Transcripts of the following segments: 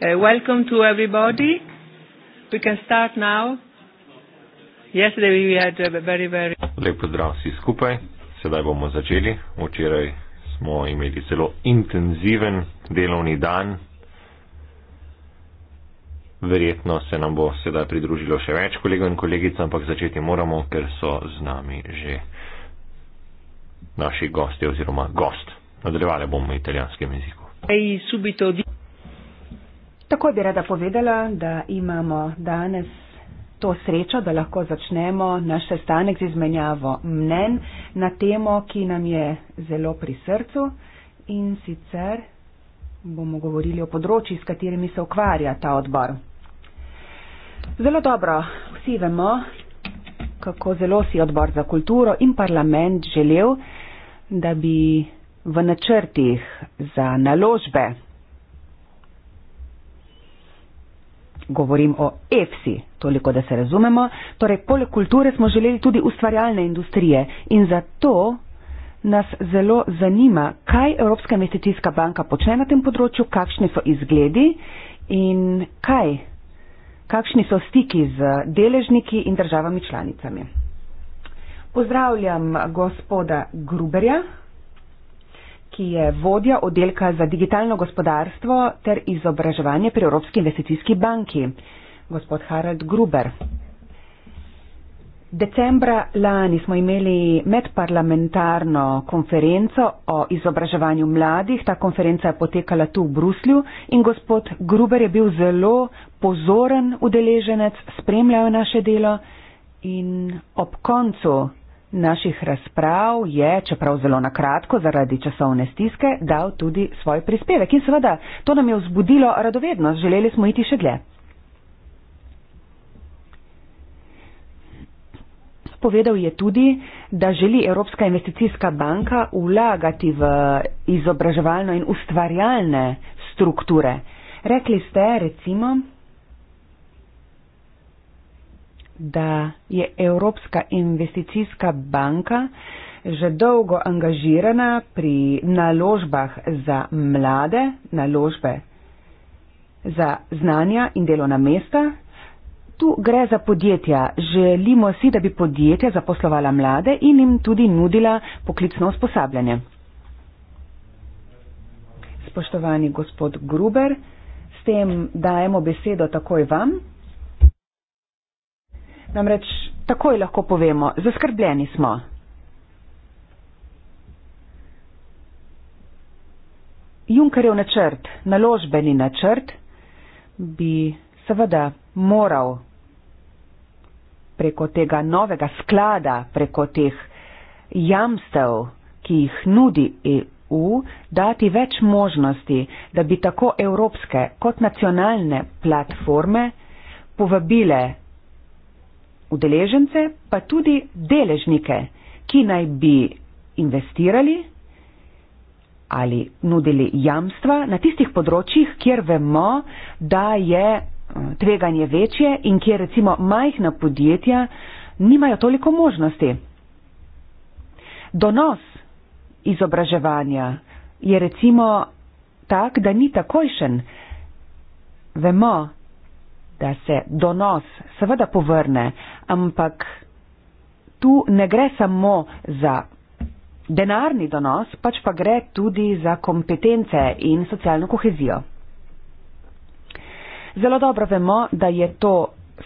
Uh, welcome to everybody. We can start now. Yesterday we had a very, very. Lep pozdrav vsi skupaj, sedaj bomo začeli. Včeraj smo imeli zelo intenziven delovni dan. Verjetno se nam bo sedaj pridružilo še več kolegov in kolegic, ampak začeti moramo, ker so z nami že naši gosti oziroma gost. Nadaljevali bomo v italijanskem jeziku. Hey, Tako bi rada povedala, da imamo danes to srečo, da lahko začnemo naš sestanek z izmenjavo mnen na temo, ki nam je zelo pri srcu in sicer bomo govorili o področji, s katerimi se ukvarja ta odbor. Zelo dobro, vsi vemo, kako zelo si odbor za kulturo in parlament želel, da bi v načrtih za naložbe govorim o EFSI, toliko da se razumemo, torej poleg kulture smo želeli tudi ustvarjalne industrije in zato nas zelo zanima, kaj Evropska investicijska banka počne na tem področju, kakšni so izgledi in kaj, kakšni so stiki z deležniki in državami članicami. Pozdravljam gospoda Gruberja ki je vodja oddelka za digitalno gospodarstvo ter izobraževanje pri Evropski investicijski banki, gospod Harald Gruber. Decembra lani smo imeli medparlamentarno konferenco o izobraževanju mladih. Ta konferenca je potekala tu v Bruslju in gospod Gruber je bil zelo pozoren udeleženec, spremljal je naše delo in ob koncu naših razprav je, čeprav zelo na kratko, zaradi časovne stiske, dal tudi svoj prispevek. In seveda, to nam je vzbudilo radovednost, želeli smo iti še dlje. Povedal je tudi, da želi Evropska investicijska banka vlagati v izobraževalno in ustvarjalne strukture. Rekli ste, recimo, da je Evropska investicijska banka že dolgo angažirana pri naložbah za mlade, naložbe za znanja in delovna mesta. Tu gre za podjetja. Želimo si, da bi podjetja zaposlovala mlade in jim tudi nudila poklicno usposabljanje. Spoštovani gospod Gruber, s tem dajemo besedo takoj vam. Namreč takoj lahko povemo, zaskrbljeni smo. Junkerjev načrt, naložbeni načrt, bi seveda moral preko tega novega sklada, preko teh jamstev, ki jih nudi EU, dati več možnosti, da bi tako evropske kot nacionalne platforme povabile udeležence, pa tudi deležnike, ki naj bi investirali ali nudili jamstva na tistih področjih, kjer vemo, da je eh, tveganje večje in kjer recimo majhna podjetja nimajo toliko možnosti. Donos izobraževanja je recimo tak, da ni takojšen. Vemo, da se donos seveda povrne, ampak tu ne gre samo za denarni donos, pač pa gre tudi za kompetence in socialno kohezijo. Zelo dobro vemo, da je to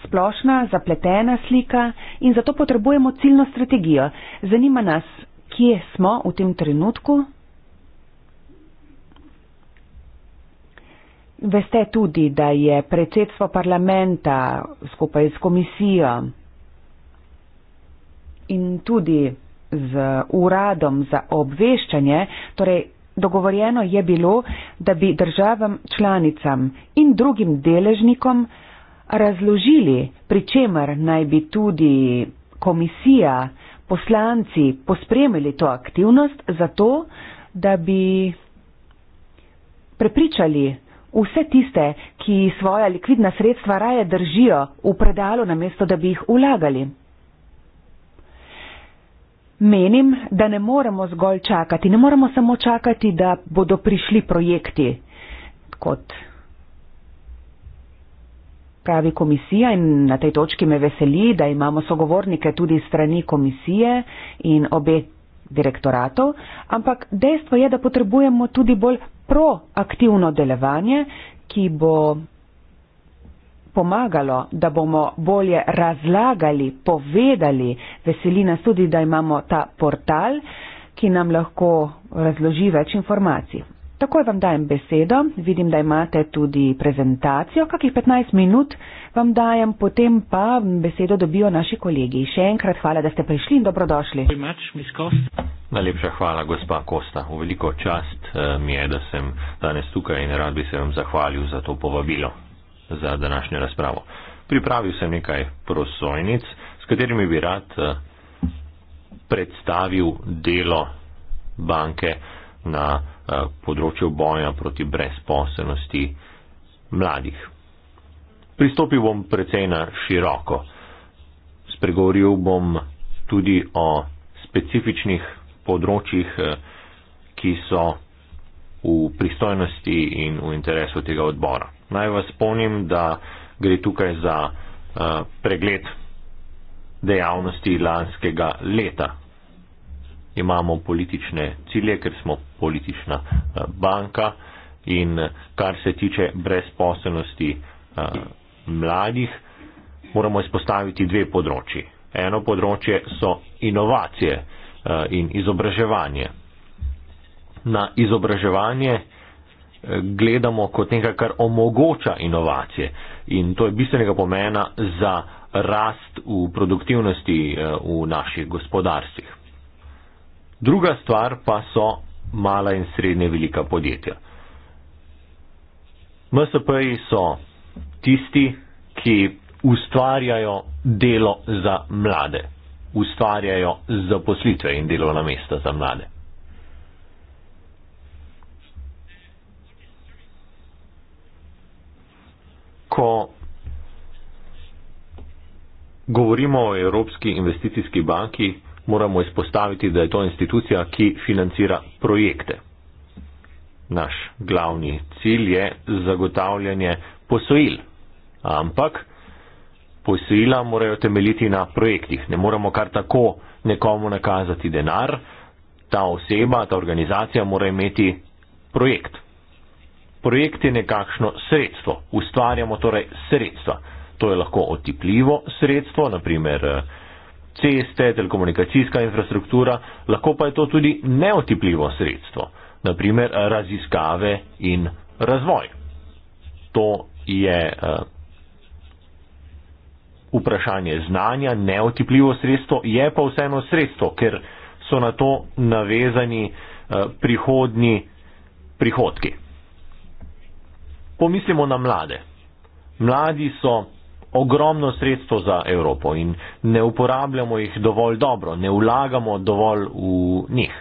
splošna, zapletena slika in zato potrebujemo ciljno strategijo. Zanima nas, kje smo v tem trenutku, Veste tudi, da je predsedstvo parlamenta skupaj s komisijo in tudi z uradom za obveščanje, torej dogovorjeno je bilo, da bi državam članicam in drugim deležnikom razložili, pri čemer naj bi tudi komisija, poslanci pospremili to aktivnost, zato da bi prepričali, vse tiste, ki svoja likvidna sredstva raje držijo v predalu, namesto da bi jih vlagali. Menim, da ne moremo zgolj čakati, ne moremo samo čakati, da bodo prišli projekti, kot pravi komisija in na tej točki me veseli, da imamo sogovornike tudi strani komisije in obe direktoratov, ampak dejstvo je, da potrebujemo tudi bolj proaktivno delovanje, ki bo pomagalo, da bomo bolje razlagali, povedali. Veseli nas tudi, da imamo ta portal, ki nam lahko razloži več informacij. Takoj vam dajem besedo, vidim, da imate tudi prezentacijo, kakih 15 minut vam dajem, potem pa besedo dobijo naši kolegi. Še enkrat hvala, da ste prišli in dobrodošli. Najlepša hvala, gospa Kosta. V veliko čast eh, mi je, da sem danes tukaj in rad bi se vam zahvalil za to povabilo za današnjo razpravo. Pripravil sem nekaj prosojnic, s katerimi bi rad eh, predstavil delo banke na. Eh, področju boja proti brezposobnosti mladih. Pristopil bom precej na široko. Spregovoril bom tudi o specifičnih področjih, eh, ki so v pristojnosti in v interesu tega odbora. Naj vas spomnim, da gre tukaj za eh, pregled dejavnosti lanskega leta imamo politične cilje, ker smo politična eh, banka in eh, kar se tiče brezposobnosti eh, mladih, moramo izpostaviti dve področji. Eno področje so inovacije in izobraževanje. Na izobraževanje gledamo kot nekaj, kar omogoča inovacije in to je bistvenega pomena za rast v produktivnosti v naših gospodarstvih. Druga stvar pa so mala in srednje velika podjetja. MSP-ji so tisti, ki ustvarjajo delo za mlade, ustvarjajo zaposlitve in delovna mesta za mlade. Ko govorimo o Evropski investicijski banki, moramo izpostaviti, da je to institucija, ki financira projekte. Naš glavni cilj je zagotavljanje posojil, ampak posojila morajo temeljiti na projektih. Ne moramo kar tako nekomu nakazati denar, ta oseba, ta organizacija mora imeti projekt. Projekt je nekakšno sredstvo, ustvarjamo torej sredstva. To je lahko otipljivo sredstvo, naprimer eh, ceste, telekomunikacijska infrastruktura, lahko pa je to tudi neotipljivo sredstvo, naprimer raziskave in razvoj. To je uh, vprašanje znanja, neotipljivo sredstvo, je pa vseeno sredstvo, ker so na to navezani uh, prihodni prihodki. Pomislimo na mlade. Mladi so ogromno sredstvo za Evropo in ne uporabljamo jih dovolj dobro, ne vlagamo dovolj v njih.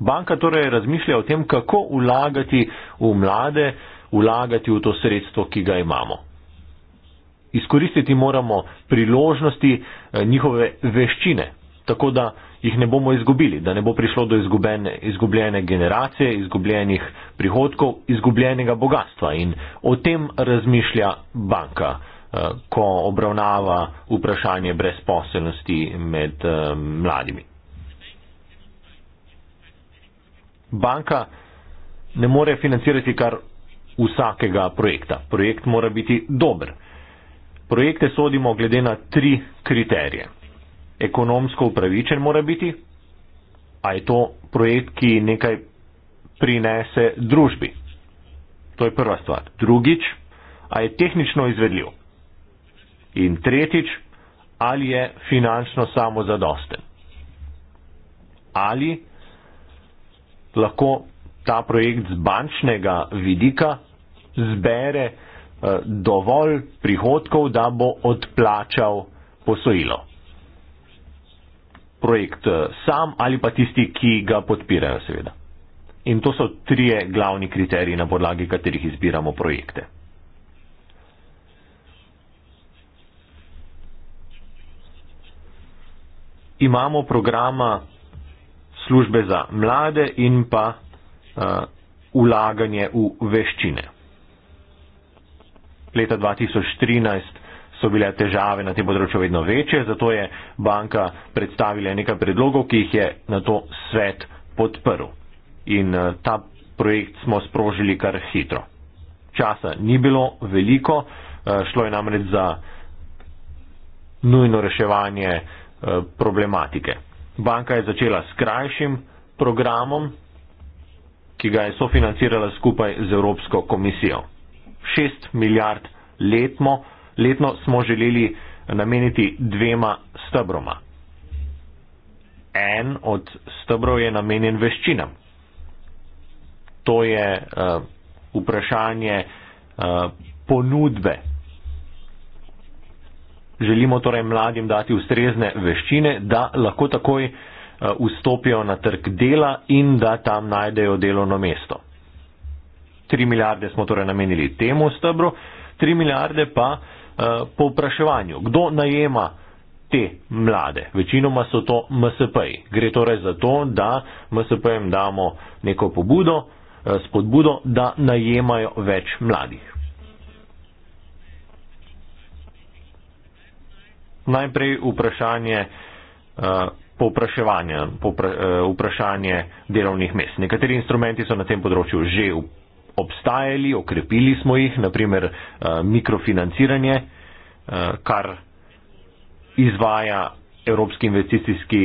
Banka torej razmišlja o tem, kako vlagati v mlade, vlagati v to sredstvo, ki ga imamo. Izkoristiti moramo priložnosti eh, njihove veščine, tako da jih ne bomo izgubili, da ne bo prišlo do izgubene, izgubljene generacije, izgubljenih prihodkov, izgubljenega bogatstva. In o tem razmišlja banka. Eh, ko obravnava vprašanje brezposelnosti med eh, mladimi. Banka ne more financirati kar vsakega projekta. Projekt mora biti dober. Projekte sodimo glede na tri kriterije. Ekonomsko upravičen mora biti, a je to projekt, ki nekaj prinese družbi. To je prva stvar. Drugič, a je tehnično izvedljiv. In tretjič, ali je finančno samozadosten. Ali lahko ta projekt z bančnega vidika zbere eh, dovolj prihodkov, da bo odplačal posojilo. Projekt eh, sam ali pa tisti, ki ga podpirajo, seveda. In to so trije glavni kriteriji, na podlagi katerih izbiramo projekte. imamo programa službe za mlade in pa uh, ulaganje v veščine. Leta 2013 so bile težave na tem področju vedno večje, zato je banka predstavila nekaj predlogov, ki jih je na to svet podprl. In uh, ta projekt smo sprožili kar hitro. Časa ni bilo veliko, uh, šlo je namreč za nujno reševanje uh, problematike. Banka je začela s krajšim programom, ki ga je sofinancirala skupaj z Evropsko komisijo. 6 milijard letmo, letno smo želeli nameniti dvema stebroma. En od stebrov je namenjen veščinam. To je uh, vprašanje uh, ponudbe želimo torej mladim dati ustrezne veščine, da lahko takoj eh, vstopijo na trg dela in da tam najdejo delovno mesto. 3 milijarde smo torej namenili temu stebru, 3 milijarde pa uh, eh, po vpraševanju. Kdo najema te mlade? Večinoma so to MSP-ji. Gre torej za to, da MSP-jem damo neko pobudo, uh, spodbudo, da najemajo več mladih. najprej vprašanje eh, povpraševanja, eh, vprašanje delovnih mest. Nekateri instrumenti so na tem področju že obstajali, okrepili smo jih, naprimer eh, mikrofinanciranje, kar izvaja Evropski investicijski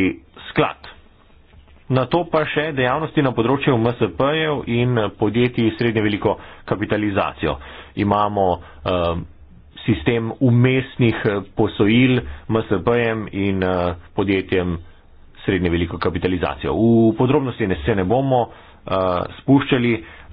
sklad. Na to pa še dejavnosti na področju MSP-jev in podjetij srednje veliko kapitalizacijo. Imamo sistem umestnih eh, posojil MSB-jem in eh, podjetjem srednje veliko kapitalizacijo. V podrobnosti ne se ne bomo uh, spuščali,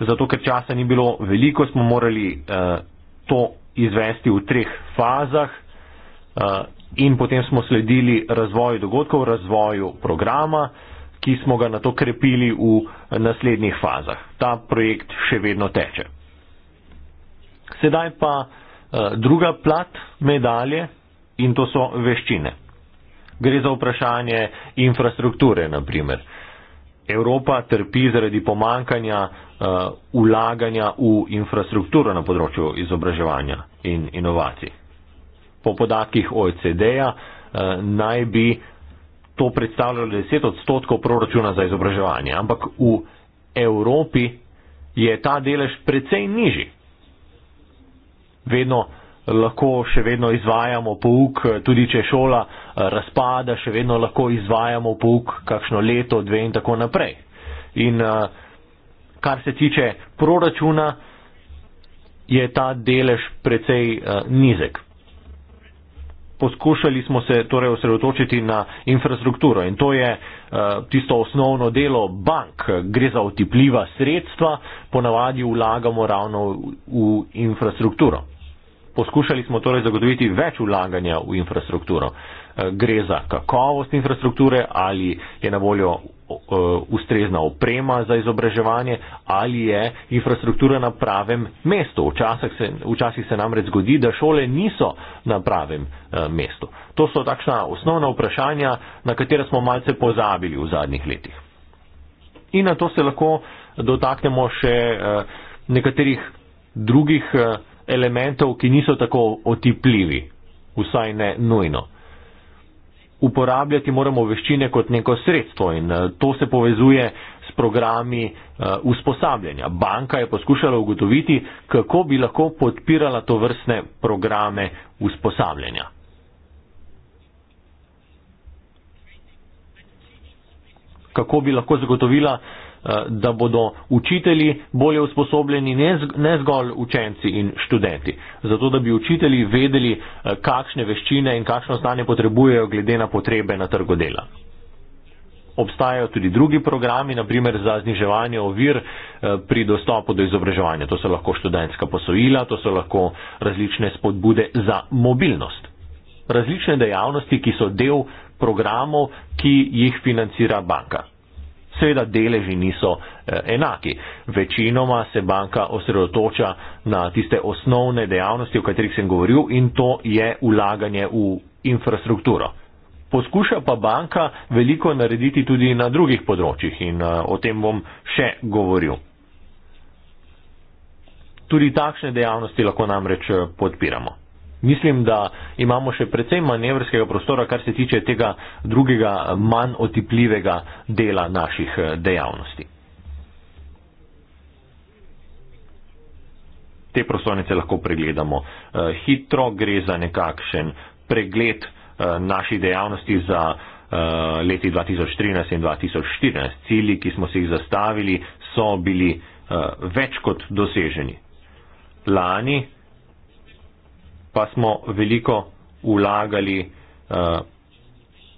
zato ker časa ni bilo veliko, smo morali uh, to izvesti v treh fazah uh, in potem smo sledili razvoju dogodkov, razvoju programa, ki smo ga na to krepili v naslednjih fazah. Ta projekt še vedno teče. Sedaj pa Eh, druga plat medalje in to so veščine. Gre za vprašanje infrastrukture, naprimer. Evropa trpi zaradi pomankanja uh, eh, ulaganja v infrastrukturo na področju izobraževanja in inovacij. Po podatkih OECD-ja uh, naj bi to predstavljalo 10 odstotkov proračuna za izobraževanje, ampak v Evropi je ta delež precej nižji vedno lahko še vedno izvajamo pouk, tudi če šola eh, razpada, še vedno lahko izvajamo pouk kakšno leto, dve in tako naprej. In eh, kar se tiče proračuna, je ta delež precej eh, nizek. Poskušali smo se torej osredotočiti na infrastrukturo in to je tisto osnovno delo bank. Gre za otipljiva sredstva, ponavadi vlagamo ravno v infrastrukturo. Poskušali smo torej zagotoviti več vlaganja v infrastrukturo. E, gre za kakovost infrastrukture, ali je na voljo e, ustrezna oprema za izobraževanje, ali je infrastruktura na pravem mestu. Včasih se, včasih se namreč zgodi, da šole niso na pravem e, mestu. To so takšna osnovna vprašanja, na katera smo malce pozabili v zadnjih letih. In na to se lahko dotaknemo še nekaterih drugih elementov, ki niso tako otipljivi, vsaj ne nujno. Uporabljati moramo veščine kot neko sredstvo in eh, to se povezuje s programi eh, usposabljanja. Banka je poskušala ugotoviti, kako bi lahko podpirala to vrstne programe usposabljanja. Kako bi lahko zagotovila Eh, da bodo učitelji bolje usposobljeni, ne zgolj učenci in študenti. Zato, da bi učitelji vedeli, eh, kakšne veščine in kakšno znanje potrebujejo glede na potrebe na trgu dela. Obstajajo tudi drugi programi, naprimer za zniževanje ovir eh, pri dostopu do izobraževanja. To so lahko študentska posojila, to so lahko različne spodbude za mobilnost. Različne dejavnosti, ki so del programov, ki jih financira banka. Seveda deleži niso eh, enaki. Večinoma se banka osredotoča na tiste osnovne dejavnosti, o katerih sem govoril, in to je ulaganje v infrastrukturo. Poskuša pa banka veliko narediti tudi na drugih področjih in eh, o tem bom še govoril. Tudi takšne dejavnosti lahko namreč eh, podpiramo. Mislim, da imamo še precej manevrskega prostora, kar se tiče tega drugega, manj otipljivega dela naših eh, dejavnosti. Te prostornice lahko pregledamo eh, hitro, gre za nekakšen pregled eh, naših dejavnosti za leti 2013 in 2014. Cili, ki smo si jih zastavili, so bili več kot doseženi. Lani pa smo veliko ulagali uh, eh,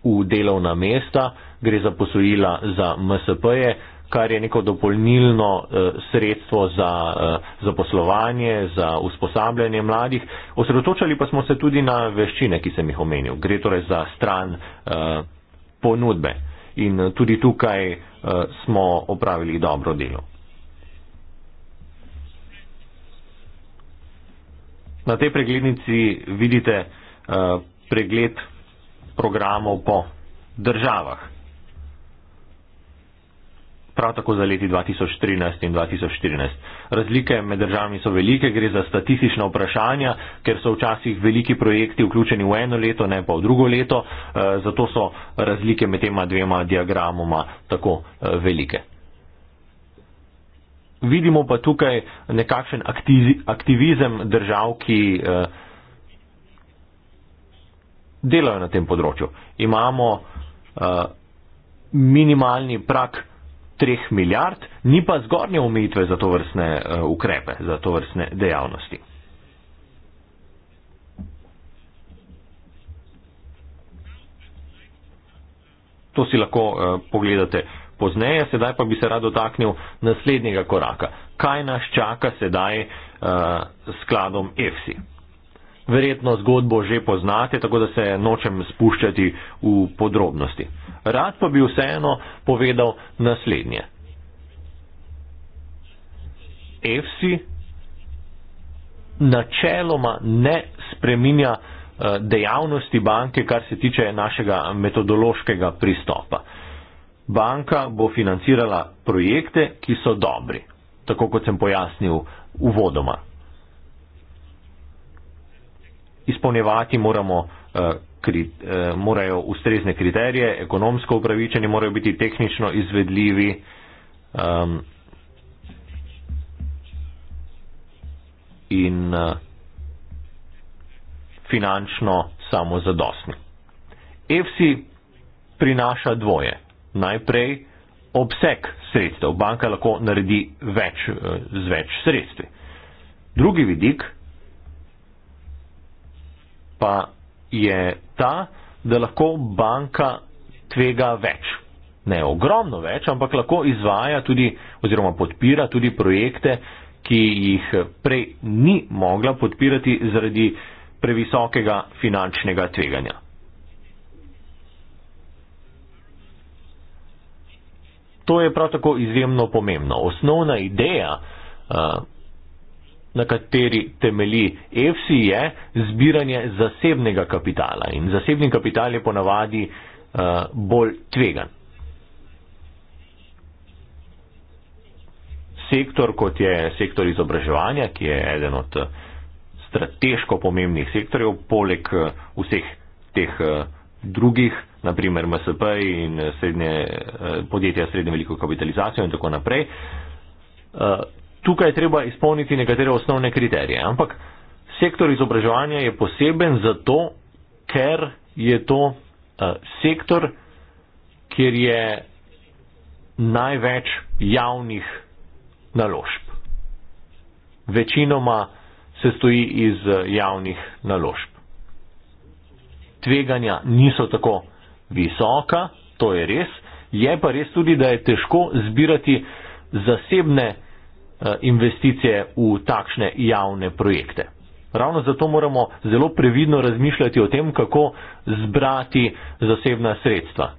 v delovna mesta, gre za posojila za MSP-je, kar je neko dopolnilno uh, sredstvo za uh, eh, zaposlovanje, za usposabljanje mladih. Osredotočali pa smo se tudi na veščine, ki sem jih omenil. Gre torej za stran uh, ponudbe. In tudi tukaj uh, smo opravili dobro delo. Na tej preglednici vidite eh, pregled programov po državah. Prav tako za leti 2013 in 2014. Razlike med državami so velike, gre za statistična vprašanja, ker so včasih veliki projekti vključeni v eno leto, ne pa v drugo leto, eh, zato so razlike med tema dvema diagramoma tako eh, velike vidimo pa tukaj nekakšen aktivizem držav, ki eh, delajo na tem področju. Imamo eh, minimalni prak 3 milijard, ni pa zgornje omejitve za to vrstne eh, ukrepe, za to vrstne dejavnosti. To si lahko uh, pogledate uh, pozneje, sedaj pa bi se rad dotaknil naslednjega koraka. Kaj nas čaka sedaj uh, skladom EFSI? Verjetno zgodbo že poznate, tako da se nočem spuščati v podrobnosti. Rad pa bi vseeno povedal naslednje. EFSI načeloma ne spreminja eh, dejavnosti banke, kar se tiče našega metodološkega pristopa. Uh, banka bo financirala projekte, ki so dobri, tako kot sem pojasnil uvodoma. Izpolnjevati moramo, uh, kri, uh, morajo ustrezne kriterije, ekonomsko upravičeni, morajo biti tehnično izvedljivi. Um, In eh, finančno samozadostni. EFSI prinaša dvoje najprej obseg sredstev. Banka lahko naredi več eh, z več sredstvi. Drugi vidik pa je ta, da lahko banka tvega več. Ne ogromno več, ampak lahko izvaja tudi oziroma podpira tudi projekte, ki jih prej ni mogla podpirati zaradi previsokega finančnega tveganja. to je prav tako izjemno pomembno. Osnovna ideja, na kateri temeli EFSI, je zbiranje zasebnega kapitala in zasebni kapital je ponavadi bolj tvegan. Sektor, kot je sektor izobraževanja, ki je eden od strateško pomembnih sektorjev, poleg vseh teh drugih naprimer MSP in srednje, eh, podjetja srednje veliko kapitalizacijo in tako naprej. Eh, tukaj je treba izpolniti nekatere osnovne kriterije, ampak sektor izobraževanja je poseben zato, ker je to eh, sektor, kjer je največ javnih naložb. Večinoma se stoji iz javnih naložb. Tveganja niso tako visoka, to je res, je pa res tudi, da je težko zbirati zasebne eh, investicije v takšne javne projekte. Ravno zato moramo zelo previdno razmišljati o tem, kako zbrati zasebna sredstva.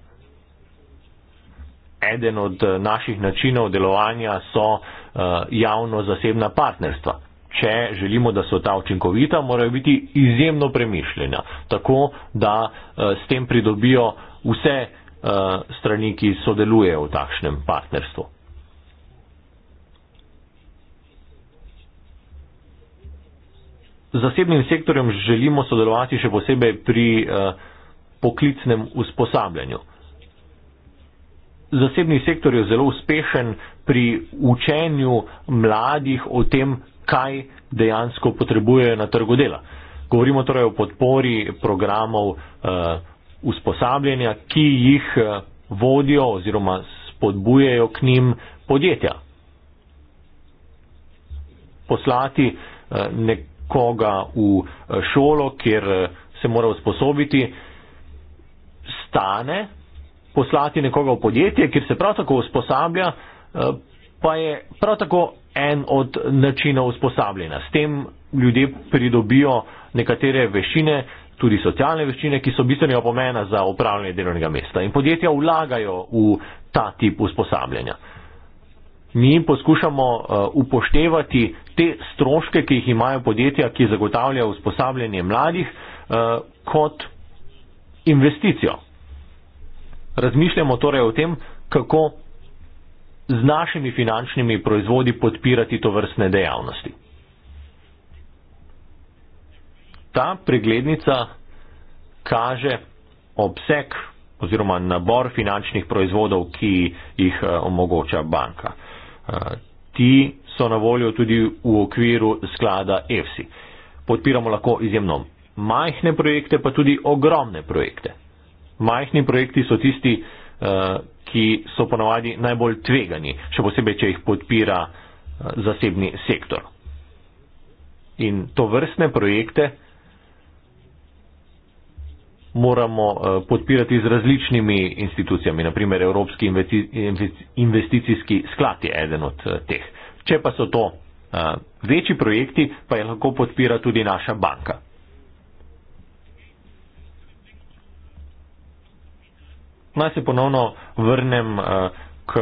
Eden od eh, naših načinov delovanja so eh, javno-zasebna partnerstva če želimo, da so ta učinkovita, morajo biti izjemno premišljena, tako da eh, s tem pridobijo vse eh, strani, ki sodelujejo v takšnem partnerstvu. Zasebnim sektorjem želimo sodelovati še posebej pri eh, poklicnem usposabljanju zasebni sektor je zelo uspešen pri učenju mladih o tem, kaj dejansko potrebujejo na trgu dela. Govorimo torej o podpori programov uh, usposabljanja, ki jih uh, vodijo oziroma spodbujejo k njim podjetja. Poslati uh, nekoga v uh, šolo, kjer uh, se mora usposobiti, stane poslati nekoga v podjetje, kjer se prav tako usposablja, eh, pa je prav tako en od načinov usposabljanja. S tem ljudje pridobijo nekatere veščine, tudi socialne veščine, ki so bistvenega pomena za upravljanje delovnega mesta. In podjetja vlagajo v ta tip usposabljanja. Mi poskušamo eh, upoštevati te stroške, ki jih imajo podjetja, ki zagotavljajo usposabljanje mladih, eh, kot investicijo razmišljamo torej o tem, kako z našimi finančnimi proizvodi podpirati to vrstne dejavnosti. Ta preglednica kaže obseg oziroma nabor finančnih proizvodov, ki jih eh, omogoča banka. Eh, ti so na voljo tudi v okviru sklada EFSI. Podpiramo lahko izjemno majhne projekte, pa tudi ogromne projekte majhni projekti so tisti, eh, ki so ponovadi najbolj tvegani, še posebej, če jih podpira eh, zasebni sektor. In to vrstne projekte moramo eh, podpirati z različnimi institucijami, naprimer Evropski investicijski sklad je eden od teh. Če pa so to večji projekti, pa je lahko podpira tudi naša banka. Naj se ponovno vrnem eh, k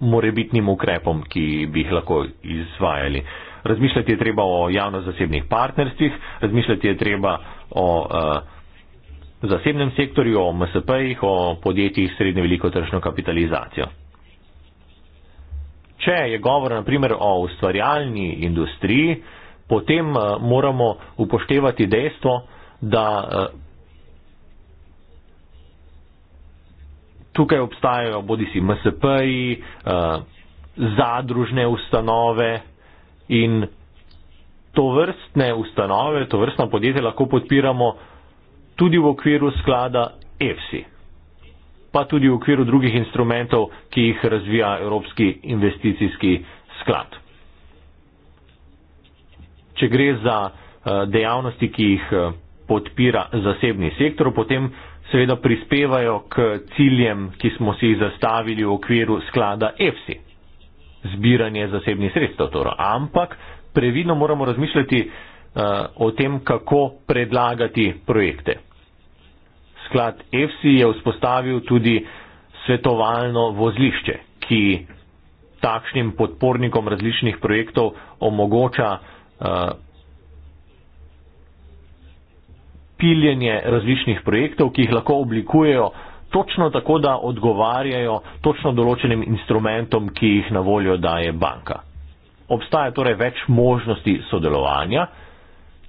morebitnim ukrepom, ki bi jih lahko izvajali. Razmišljati je treba o javno-zasebnih partnerstvih, razmišljati je treba o uh, zasebnem sektorju, o MSP-jih, o podjetjih s srednje veliko tržno kapitalizacijo. Če je govor na primer o ustvarjalni industriji, potem uh, moramo upoštevati dejstvo, da uh, tukaj obstajajo bodi si MSP-ji, eh, zadružne ustanove in to vrstne ustanove, to vrstno podjetje lahko podpiramo tudi v okviru sklada EFSI, pa tudi v okviru drugih instrumentov, ki jih razvija Evropski investicijski sklad. Če gre za eh, dejavnosti, ki jih eh, podpira zasebni sektor, potem uh, seveda prispevajo k ciljem, ki smo si jih zastavili v okviru sklada EFSI, zbiranje zasebnih sredstev. Toro. Ampak previdno moramo razmišljati uh, o tem, kako predlagati projekte. Sklad EFSI je vzpostavil tudi svetovalno vozlišče, ki takšnim podpornikom različnih projektov omogoča uh, piljenje različnih projektov, ki jih lahko oblikujejo točno tako, da odgovarjajo točno določenim instrumentom, ki jih na voljo daje banka. Obstaja torej več možnosti sodelovanja,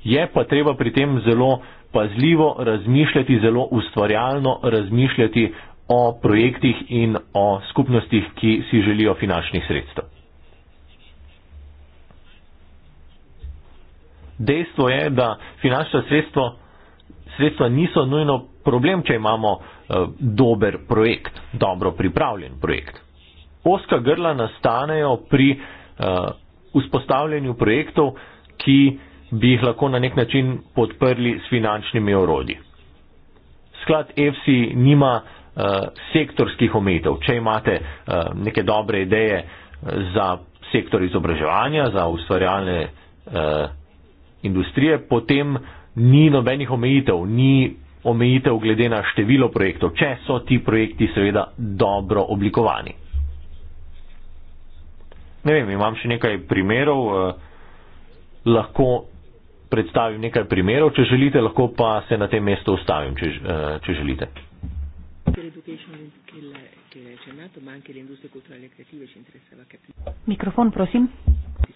je pa treba pri tem zelo pazljivo razmišljati, zelo ustvarjalno razmišljati o projektih in o skupnostih, ki si želijo finančnih sredstev. Dejstvo je, da finančno sredstvo sredstva niso nujno problem, če imamo eh, dober projekt, dobro pripravljen projekt. Oska grla nastanejo pri eh, vzpostavljanju projektov, ki bi jih lahko na nek način podprli s finančnimi orodji. Sklad EFSI nima eh, sektorskih omejitev. Če imate neke dobre ideje za sektor izobraževanja, za ustvarjalne industrije, potem uh, ni nobenih omejitev, ni omejitev glede na število projektov, če so ti projekti seveda dobro oblikovani. Ne vem, imam še nekaj primerov, eh, lahko predstavim nekaj primerov, če želite, lahko pa se na tem mestu ustavim, če, eh, če želite. Mikrofon, prosim. Mm.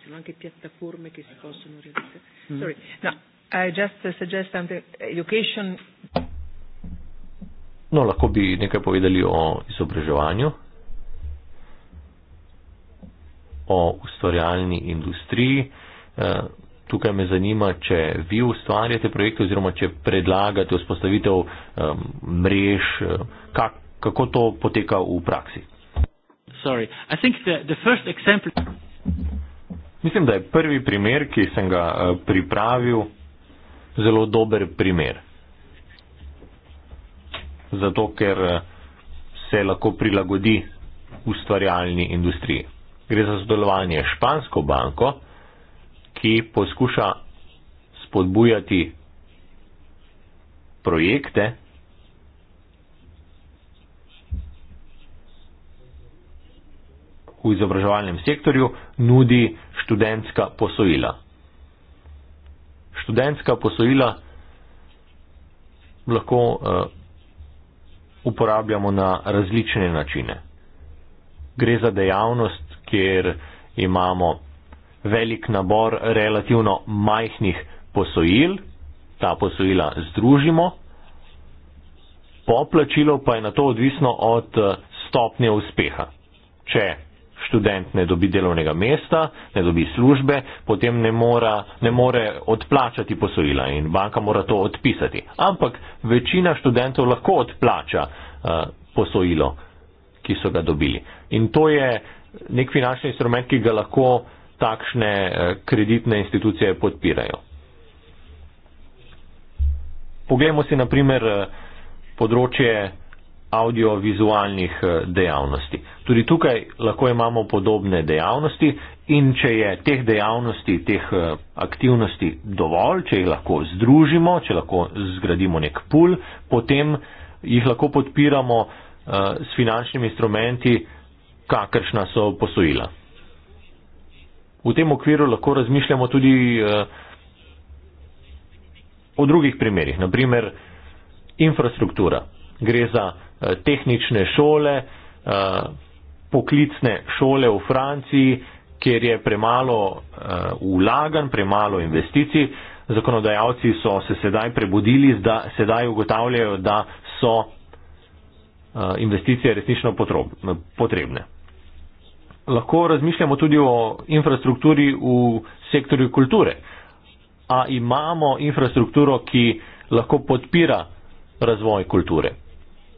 Sorry. No. I just suggest something. Education. No, lahko bi nekaj povedali o izobraževanju, o ustvarjalni industriji. Eh, tukaj me zanima, če vi ustvarjate projekte oziroma če predlagate vzpostavitev eh, mrež, eh, kak, kako to poteka v praksi. Mislim, da je prvi primer, ki sem ga pripravil zelo dober primer. Zato, ker eh, se lahko prilagodi ustvarjalni industriji. Gre za sodelovanje s špansko banko, ki poskuša spodbujati projekte, V izobraževalnem sektorju nudi študentska posojila študentska posojila lahko uh, uporabljamo na različne načine. Gre za dejavnost, kjer imamo velik nabor relativno majhnih posojil, ta posojila združimo, poplačilo pa je na to odvisno od eh, stopnje uspeha. Če študent ne dobi delovnega mesta, ne dobi službe, potem ne, mora, ne more odplačati posojila in banka mora to odpisati. Ampak večina študentov lahko odplača uh, posojilo, ki so ga dobili. In to je nek finančni instrument, ki ga lahko takšne uh, kreditne institucije podpirajo. Poglejmo si naprimer eh, področje audiovizualnih eh, dejavnosti. Tudi tukaj lahko imamo podobne dejavnosti in če je teh dejavnosti, teh eh, aktivnosti dovolj, če jih lahko združimo, če lahko zgradimo nek pul, potem jih lahko podpiramo eh, s finančnimi instrumenti, kakršna so posojila. V tem okviru lahko razmišljamo tudi o drugih primerih, naprimer infrastruktura. Gre za tehnične šole, eh, poklicne šole v Franciji, kjer je premalo eh, vlagan, premalo investicij. Zakonodajalci so se sedaj prebudili, da sedaj ugotavljajo, da so eh, investicije resnično potrebne. Lahko razmišljamo tudi o infrastrukturi v sektorju kulture. A imamo infrastrukturo, ki lahko podpira razvoj kulture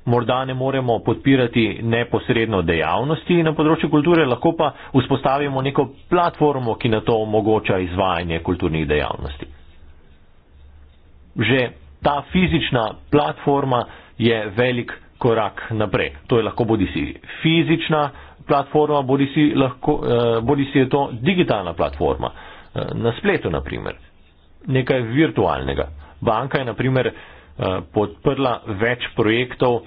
morda ne moremo podpirati neposredno dejavnosti na področju kulture, lahko pa vzpostavimo neko platformo, ki na to omogoča izvajanje kulturnih dejavnosti. Že ta fizična platforma je velik korak naprej. To je lahko bodi si fizična platforma, bodi si, lahko, eh, bodi si je to digitalna platforma. Eh, na spletu, na primer. Nekaj virtualnega. Banka je, na primer, Eh, podprla več projektov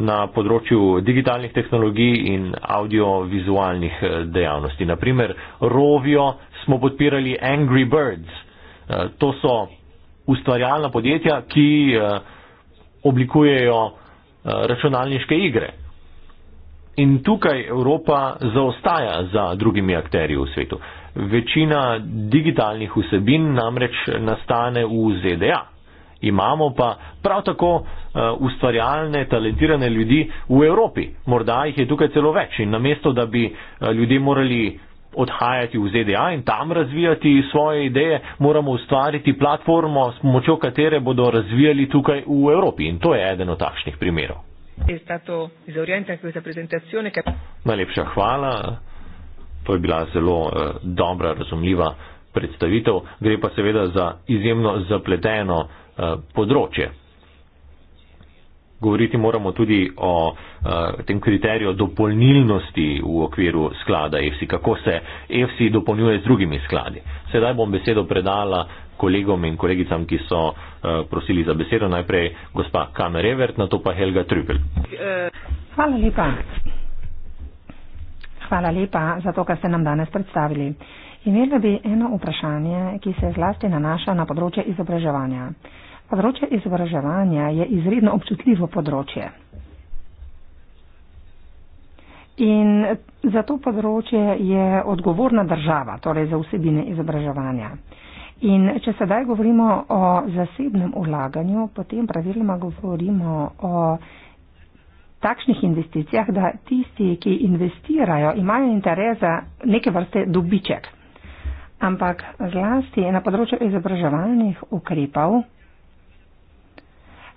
na področju digitalnih tehnologij in audiovizualnih eh, dejavnosti. Naprimer, Rovio smo podpirali Angry Birds. Eh, to so ustvarjalna podjetja, ki oblikujejo računalniške igre. In tukaj Evropa zaostaja za drugimi akterji v svetu. Večina digitalnih vsebin namreč nastane v ZDA imamo pa prav tako uh, ustvarjalne, talentirane ljudi v Evropi. Morda jih je tukaj celo več in namesto, da bi uh, ljudje morali odhajati v ZDA in tam razvijati svoje ideje, moramo ustvariti platformo, s pomočjo katere bodo razvijali tukaj v Evropi. In to je eden od takšnih primerov. Najlepša hvala. To je bila zelo eh, dobra, razumljiva predstavitev. Gre pa seveda za izjemno zapleteno. Eh, področje. Govoriti moramo tudi o eh, tem kriteriju dopolnilnosti v okviru sklada EFSI, kako se EFSI dopolnjuje z drugimi skladi. Sedaj bom besedo predala kolegom in kolegicam, ki so eh, prosili za besedo. Najprej gospa Kamer Evert, nato pa Helga Trüppel. Hvala lepa. Hvala lepa za to, kar ste nam danes predstavili. Imela bi eno vprašanje, ki se zlasti nanaša na področje izobraževanja. Področje izobraževanja je izredno občutljivo področje. In za to področje je odgovorna država, torej za vsebine izobraževanja. In če sedaj govorimo o zasebnem ulaganju, potem praviloma govorimo o takšnih investicijah, da tisti, ki investirajo, imajo interes za neke vrste dobiček ampak zlasti na področju izobraževalnih ukrepov,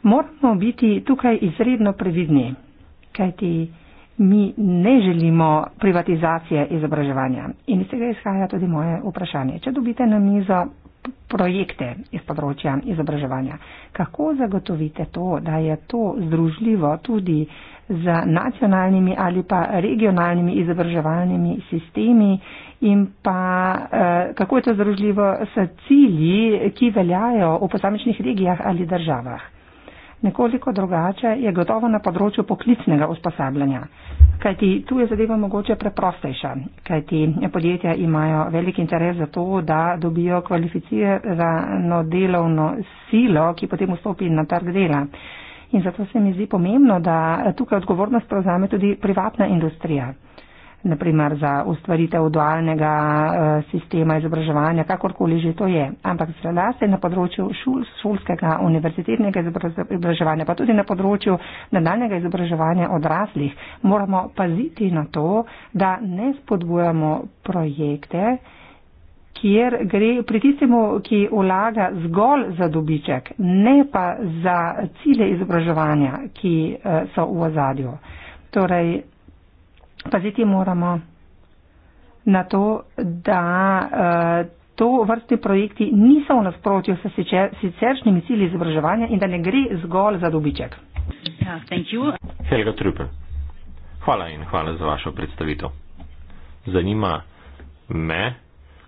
moramo biti tukaj izredno previdni, kajti mi ne želimo privatizacije izobraževanja. In iz tega izhaja tudi moje vprašanje. Če dobite na mizo projekte iz področja izobraževanja, kako zagotovite to, da je to združljivo tudi z nacionalnimi ali pa regionalnimi izobraževalnimi sistemi in pa eh, kako je to združljivo s cilji, ki veljajo v posamičnih regijah ali državah. Nekoliko drugače je gotovo na področju poklicnega usposabljanja, kajti tu je zadeva mogoče preprostejša, kajti podjetja imajo velik interes za to, da dobijo kvalificirano delovno silo, ki potem vstopi na trg dela. In zato se mi zdi pomembno, da tukaj odgovornost prevzame tudi privatna industrija. Naprimer za ustvaritev dualnega eh, sistema izobraževanja, kakorkoli že to je. Ampak seveda se na področju šul, šulskega, univerzitetnega izobraževanja, pa tudi na področju nadaljnega izobraževanja odraslih, moramo paziti na to, da ne spodbujamo projekte, kjer gre pri tistemu, ki vlaga zgolj za dobiček, ne pa za cilje izobraževanja, ki eh, so v ozadju. Torej, paziti moramo na to, da eh, to vrste projekti niso v nasprotju s siceršnjimi cilji izobraževanja in da ne gre zgolj za dobiček. Ja, Helga Trupe, hvala in hvala za vašo predstavitev. Zanima me,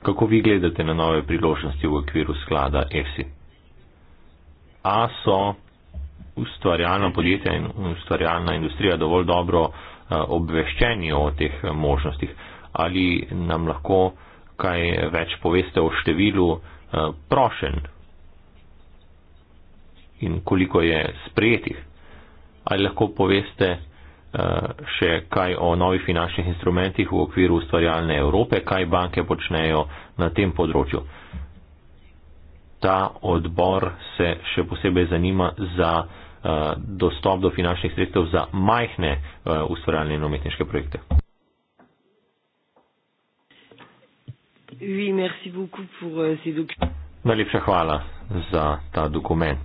Kako vi gledate na nove priložnosti v okviru sklada EFSI? A so ustvarjalna podjetja in ustvarjalna industrija dovolj dobro eh, obveščeni o teh eh, možnostih? Ali nam lahko kaj več poveste o številu eh, prošen in koliko je sprejetih? Ali lahko poveste, Eh, še kaj o novih finančnih instrumentih v okviru ustvarjalne Evrope, kaj banke počnejo na tem področju. Ta odbor se še posebej zanima za eh, dostop do finančnih sredstev za majhne eh, ustvarjalne in umetniške projekte. Euh, Najlepša hvala za ta dokument.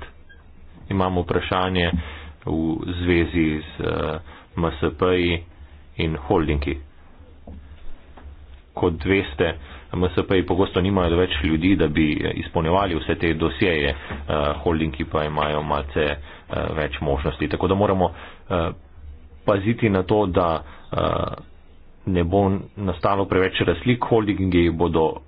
Imamo vprašanje v zvezi z uh, MSP-ji in holdingi. Kot veste, MSP-ji pogosto nimajo več ljudi, da bi eh, izpolnjevali vse te dosjeje, eh, holdingi pa imajo malce eh, več možnosti. Tako da moramo paziti na to, da ne bo nastalo preveč razlik, holdingi bodo uh,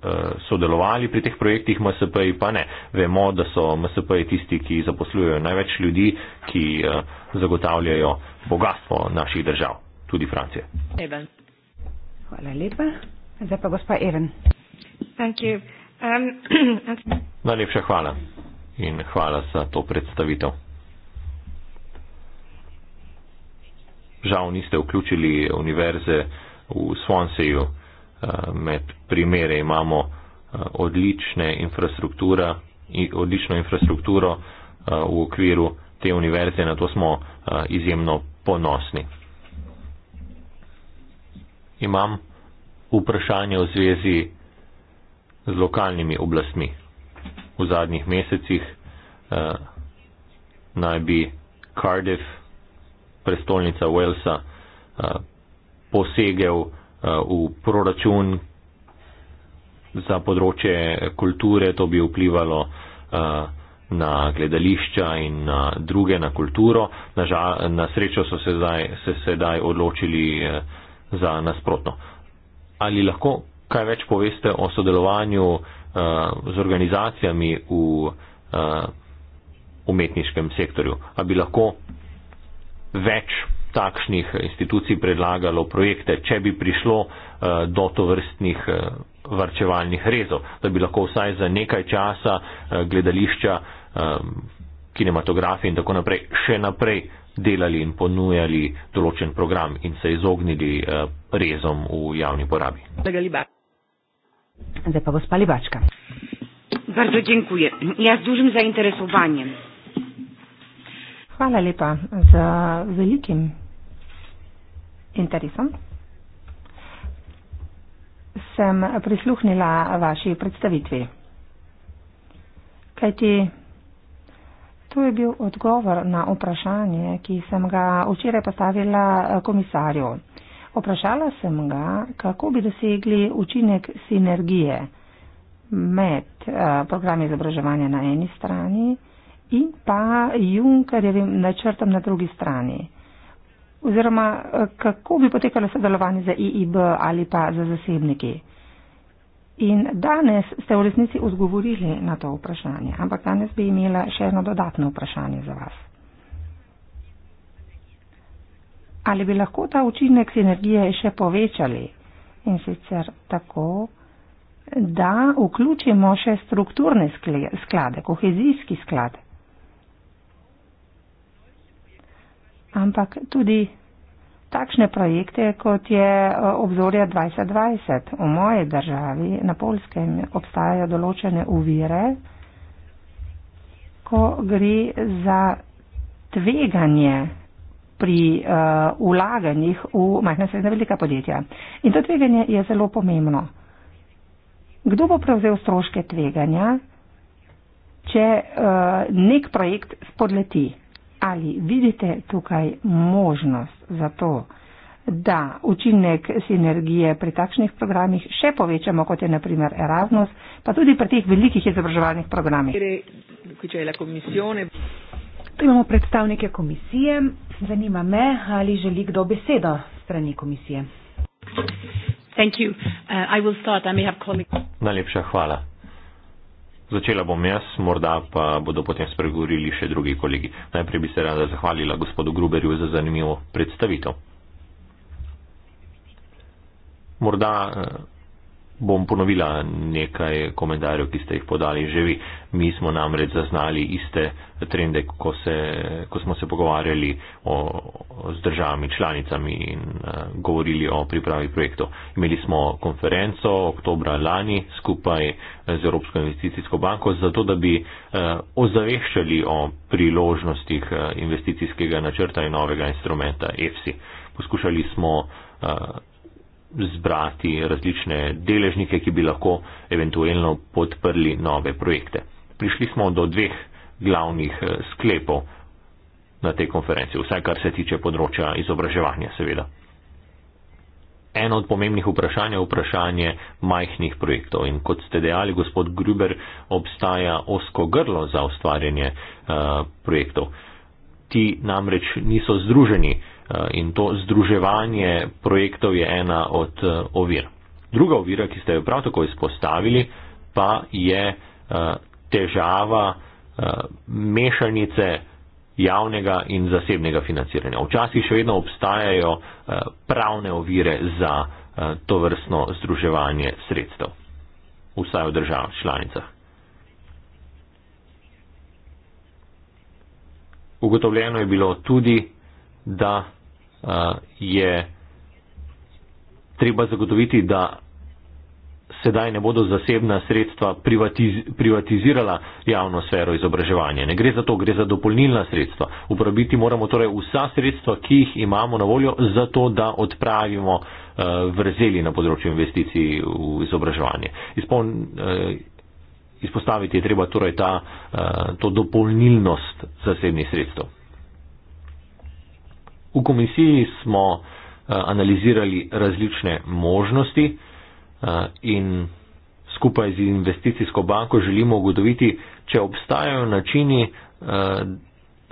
sodelovali pri teh projektih, MSP-ji pa ne. Vemo, da so MSP-ji tisti, ki zaposlujejo največ ljudi, ki uh, zagotavljajo bogatstvo naših držav, tudi Francije. Eben. Hvala lepa. Zdaj pa gospa Even. Um, Najlepša hvala in hvala za to predstavitev. Žal niste vključili univerze v Swanseju. Eh, med primere imamo eh, odlične infrastrukture, odlično infrastrukturo eh, v okviru te univerze, na to smo izjemno ponosni. Imam vprašanje v zvezi z lokalnimi oblastmi. V zadnjih mesecih naj bi Cardiff, prestolnica Walesa, posegel eh, v proračun za področje kulture, to bi vplivalo eh, na gledališča in na druge, na kulturo. Na, ža, na srečo so se zdaj, se sedaj odločili eh, za nasprotno. Ali lahko kaj več poveste o sodelovanju uh, z organizacijami v uh, umetniškem sektorju? A bi lahko več takšnih institucij predlagalo projekte, če bi prišlo eh, do tovrstnih eh, varčevalnih rezov, da bi lahko vsaj za nekaj časa eh, gledališča, kinematografije in tako naprej še naprej delali in ponujali določen program in se izognili rezom v javni porabi. Zdaj pa gospa Libačka. Bardzo dziękuję. Ja z dużym zainteresowaniem. Hvala lepa za velikim interesom. Sem prisluhnila vaši predstavitvi. Kajti to je bil odgovor na vprašanje, ki sem ga včeraj postavila komisarju. Vprašala sem ga, kako bi dosegli učinek sinergije med eh, programi izobraževanja na eni strani in pa Junkerjevim načrtom na drugi strani oziroma eh, kako bi potekalo sodelovanje za IIB ali pa za zasebniki. In danes ste v resnici odgovorili na to vprašanje, ampak danes bi imela še eno dodatno vprašanje za vas. Ali bi lahko ta učinek sinergije še povečali in sicer tako, da vključimo še strukturne sklade, kohezijski sklad, ampak tudi takšne projekte, kot je eh, obzorja 2020 v moji državi, na polskem, obstajajo določene uvire, ko gre za tveganje pri uh, eh, ulaganjih v majhna srednja velika podjetja. In to tveganje je zelo pomembno. Kdo bo prevzel stroške tveganja, če uh, nek projekt spodleti? ali vidite tukaj možnost za to, da učinek sinergije pri takšnih programih še povečamo, kot je naprimer Erasmus, pa tudi pri teh velikih izobraževalnih programih. Tu imamo predstavnike komisije. Zanima me, ali želi kdo besedo strani komisije. Uh, Najlepša hvala. Začela bom jaz, morda pa bodo potem spregovorili še drugi kolegi. Najprej bi se rada zahvalila gospodu Gruberju za zanimivo predstavitev. Morda eh, bom ponovila nekaj komentarjev, ki ste jih podali že vi. Mi smo namreč zaznali iste trende, ko, se, ko smo se pogovarjali o, o, z državami članicami in uh, govorili o pripravi projektov. Imeli smo konferenco oktobra lani skupaj eh, z Evropsko investicijsko banko, zato da bi uh, ozaveščali o priložnostih uh, investicijskega načrta in novega instrumenta EFSI. Poskušali smo uh, zbrati različne deležnike, ki bi lahko eventualno podprli nove projekte. Prišli smo do dveh glavnih eh, sklepov na tej konferenci, vsaj kar se tiče področja izobraževanja, seveda. Eno od pomembnih vprašanj je vprašanje majhnih projektov in kot ste dejali, gospod Gruber, obstaja osko grlo za ustvarjanje uh, projektov. Ti namreč niso združeni uh, Eh, in to združevanje projektov je ena od eh, ovir. Druga ovira, ki ste jo prav tako izpostavili, pa je eh, težava mešanice javnega in zasebnega financiranja. Včasih še vedno obstajajo pravne ovire za to vrstno združevanje sredstev, vsaj v državah članicah. Ugotovljeno je bilo tudi, da eh, je treba zagotoviti, da sedaj ne bodo zasebna sredstva privatiz privatizirala javno sfero izobraževanja. Ne gre za to, gre za dopolnilna sredstva. Uporabiti moramo torej vsa sredstva, ki jih imamo na voljo, zato da odpravimo uh, vrzeli na področju investicij v izobraževanje. Izpon, uh, eh, izpostaviti je treba torej ta, uh, to dopolnilnost zasebnih sredstev. V komisiji smo eh, analizirali različne možnosti eh, in skupaj z investicijsko banko želimo ugotoviti, če obstajajo načini, eh,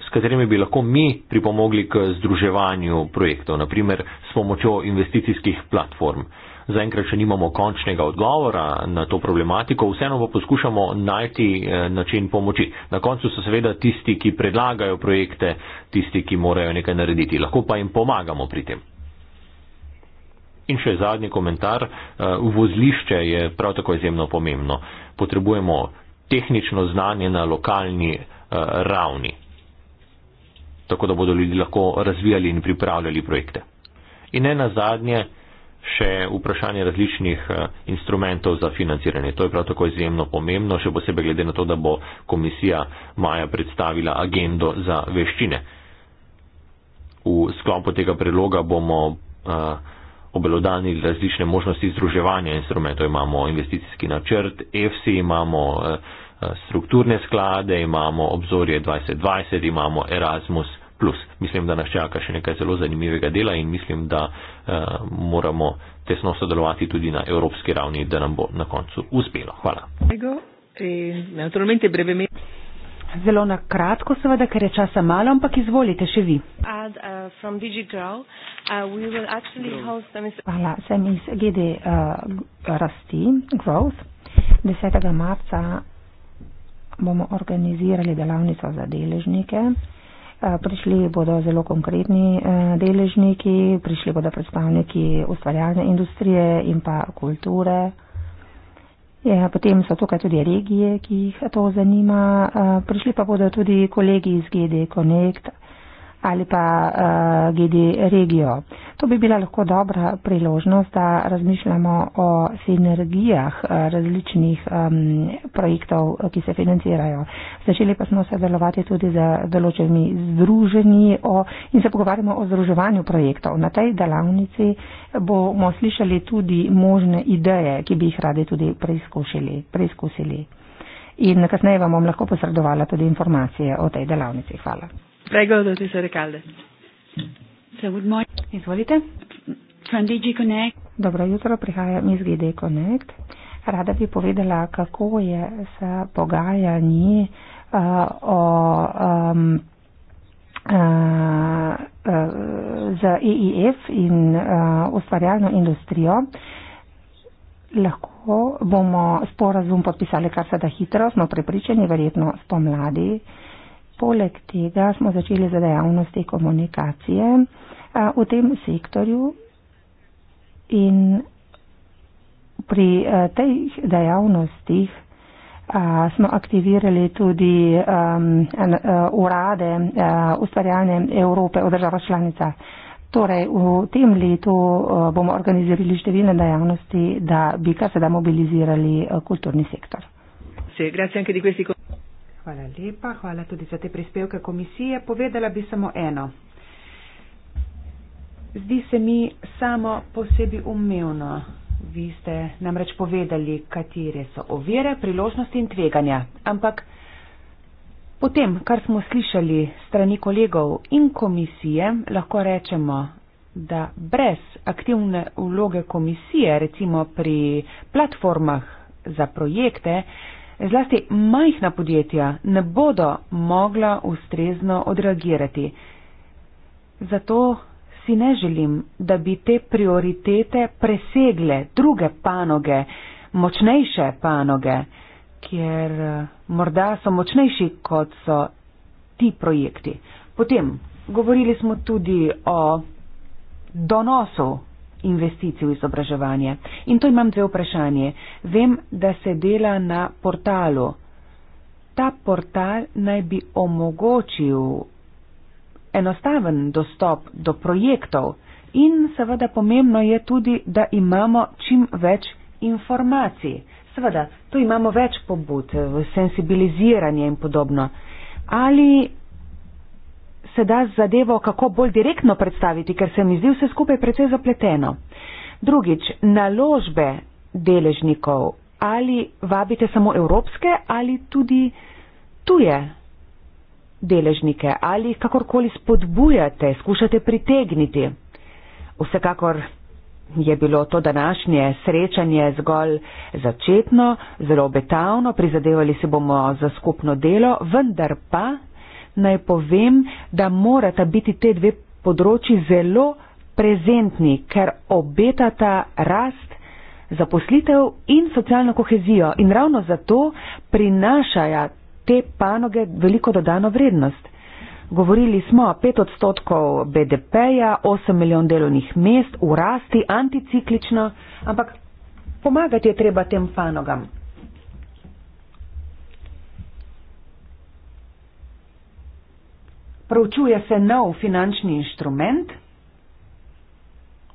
s katerimi bi lahko mi pripomogli k združevanju projektov, naprimer s pomočjo investicijskih platform zaenkrat še nimamo končnega odgovora na to problematiko, vseeno pa poskušamo najti eh, način pomoči. Na koncu so seveda tisti, ki predlagajo projekte, tisti, ki morajo nekaj narediti. Lahko pa jim pomagamo pri tem. In še zadnji komentar. Eh, vozlišče je prav tako izjemno pomembno. Potrebujemo tehnično znanje na lokalni eh, ravni, tako da bodo ljudi lahko razvijali in pripravljali projekte. In ne na zadnje, še vprašanje različnih eh, instrumentov za financiranje. To je prav tako izjemno pomembno, še posebej glede na to, da bo komisija maja predstavila agendo za veščine. V sklopu tega predloga bomo eh, obelodani različne možnosti združevanja instrumentov. Imamo investicijski načrt, EFSI, imamo eh, strukturne sklade, imamo obzorje 2020, imamo Erasmus plus. Mislim, da nas čaka še nekaj zelo zanimivega dela in mislim, da uh, moramo tesno sodelovati tudi na evropski ravni, da nam bo na koncu uspelo. Hvala. E, zelo na kratko, seveda, ker je časa malo, ampak izvolite še vi. Eh, eh, Hvala, sem iz GD uh, Rasti, Growth. 10. marca bomo organizirali delavnico za deležnike. Eh, prišli bodo zelo konkretni eh, deležniki, prišli bodo predstavniki ustvarjalne industrije in pa kulture. Ja, potem so tukaj tudi regije, ki jih to zanima. Eh, prišli pa bodo tudi kolegi iz GD Connect, ali pa uh, eh, glede regijo. To bi bila lahko dobra priložnost, da razmišljamo o sinergijah eh, različnih um, projektov, eh, ki se financirajo. Začeli pa smo sodelovati tudi z določenimi združenji o, in se pogovarjamo o združevanju projektov. Na tej delavnici bomo slišali tudi možne ideje, ki bi jih radi tudi preizkušili. preizkusili. In kasneje vam bom lahko posredovala tudi informacije o tej delavnici. Hvala. Prego, dottoressa Recalde. Izvolite. From DG Connect. Dobro jutro, prihajam iz GD Connect. Rada bi povedala, kako je s pogajanji uh, o, um, uh, uh, z EIF in uh, ustvarjalno industrijo. Lahko bomo sporazum podpisali kar se da hitro, smo prepričani, verjetno spomladi. Uh, Poleg tega smo začeli z dejavnosti komunikacije a, v tem sektorju in pri a, teh dejavnostih a, smo aktivirali tudi a, a, urade a, ustvarjanje Evrope v država članica. Torej, v tem letu a, bomo organizirali številne dejavnosti, da bi kar se da mobilizirali a, kulturni sektor. Se, Hvala lepa, hvala tudi za te prispevke komisije. Povedala bi samo eno. Zdi se mi samo posebej umevno. Vi ste namreč povedali, katere so ovire, priložnosti in tveganja. Ampak po tem, kar smo slišali strani kolegov in komisije, lahko rečemo, da brez aktivne vloge komisije, recimo pri platformah za projekte, zlasti majhna podjetja ne bodo mogla ustrezno odreagirati. Zato si ne želim, da bi te prioritete presegle druge panoge, močnejše panoge, kjer eh, morda so močnejši, kot so ti projekti. Potem govorili smo tudi o donosu investicij v izobraževanje. In to imam dve vprašanje. Vem, da se dela na portalu. Ta portal naj bi omogočil enostaven dostop do projektov in seveda pomembno je tudi, da imamo čim več informacij. Seveda, tu imamo več pobud, sensibiliziranje in podobno. Ali se da zadevo kako bolj direktno predstaviti, ker se mi zdi vse skupaj precej zapleteno. Drugič, naložbe deležnikov. Ali vabite samo evropske ali tudi tuje deležnike ali kakorkoli spodbujate, skušate pritegniti. Vsekakor je bilo to današnje srečanje zgolj začetno, zelo obetavno, prizadevali se bomo za skupno delo, vendar pa naj povem, da morata biti te dve področji zelo prezentni, ker obetata rast, zaposlitev in socialno kohezijo in ravno zato prinašajo te panoge veliko dodano vrednost. Govorili smo o 5 odstotkov BDP-ja, 8 milijon delovnih mest, v rasti, anticiklično, ampak pomagati je treba tem panogam. Pravčuje se nov finančni inštrument,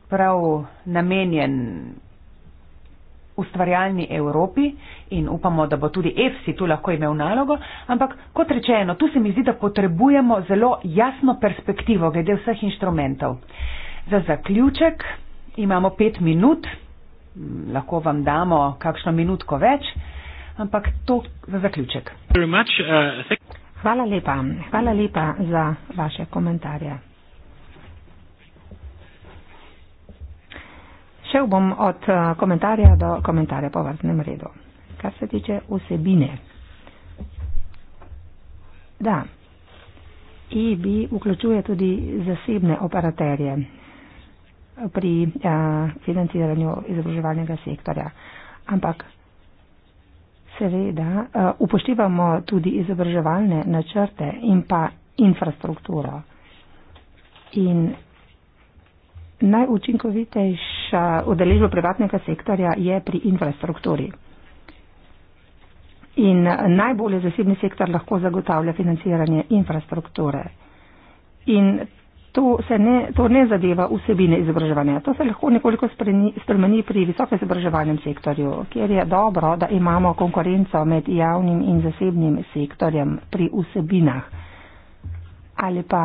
prav namenjen ustvarjalni Evropi in upamo, da bo tudi EFSI tu lahko imel nalogo, ampak kot rečeno, tu se mi zdi, da potrebujemo zelo jasno perspektivo glede vseh inštrumentov. Za zaključek imamo pet minut, mm, lahko vam damo kakšno minutko več, ampak to za zaključek. Hvala lepa. Hvala lepa za vaše komentarje. Šel bom od eh, komentarja do komentarja po vrstnem redu. Kar se tiče vsebine. Da, IB e vključuje tudi zasebne operaterje pri eh, financiranju izobraževalnega sektorja. Ampak Seveda, eh, upoštevamo tudi izobraževalne načrte in pa infrastrukturo. In najučinkovitejša udeležba privatnega sektorja je pri infrastrukturi. In najbolje zasebni sektor lahko zagotavlja financiranje infrastrukture. In to, ne, to ne zadeva vsebine izobraževanja. To se lahko nekoliko spremeni pri visokem izobraževalnem sektorju, kjer je dobro, da imamo konkurenco med javnim in zasebnim sektorjem pri vsebinah. Ali pa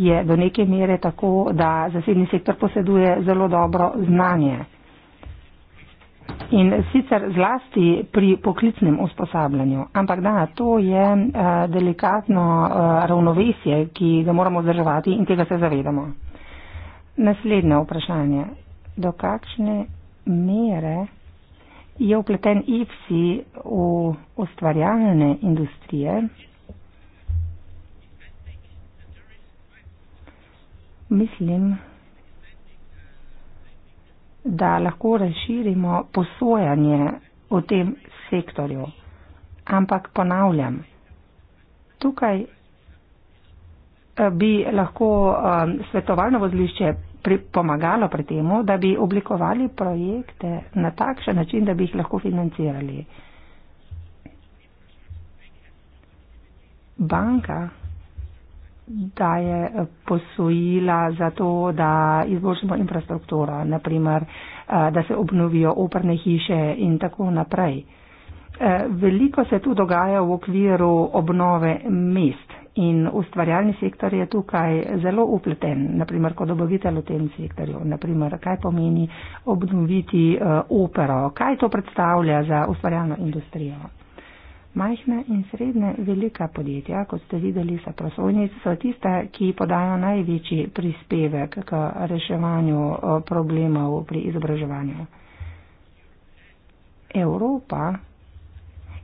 je do neke mere tako, da zasebni sektor poseduje zelo dobro znanje. In sicer zlasti pri poklicnem usposabljanju, ampak da, to je uh, delikatno uh, ravnovesje, ki ga moramo vzdrževati in tega se zavedamo. Naslednje vprašanje. Do kakšne mere je upleten IFSI v ustvarjalne industrije? Mislim, da lahko razširimo posojanje v tem sektorju. Ampak ponavljam, tukaj eh, bi lahko eh, svetovalno vozlišče pomagalo pri temu, da bi oblikovali projekte na takšen način, da bi jih lahko financirali. Banka daje posojila za to, da izboljšamo infrastrukturo, naprimer, eh, da se obnovijo operne hiše in tako naprej. Eh, veliko se tu dogaja v okviru obnove mest in ustvarjalni sektor je tukaj zelo upleten, naprimer kot dobavitelj v tem sektorju, naprimer kaj pomeni obnoviti eh, opero, kaj to predstavlja za ustvarjalno industrijo. Majhna in srednje velika podjetja, kot ste videli, so prosovnice, so tiste, ki podajo največji prispevek k reševanju problemov pri izobraževanju. Evropa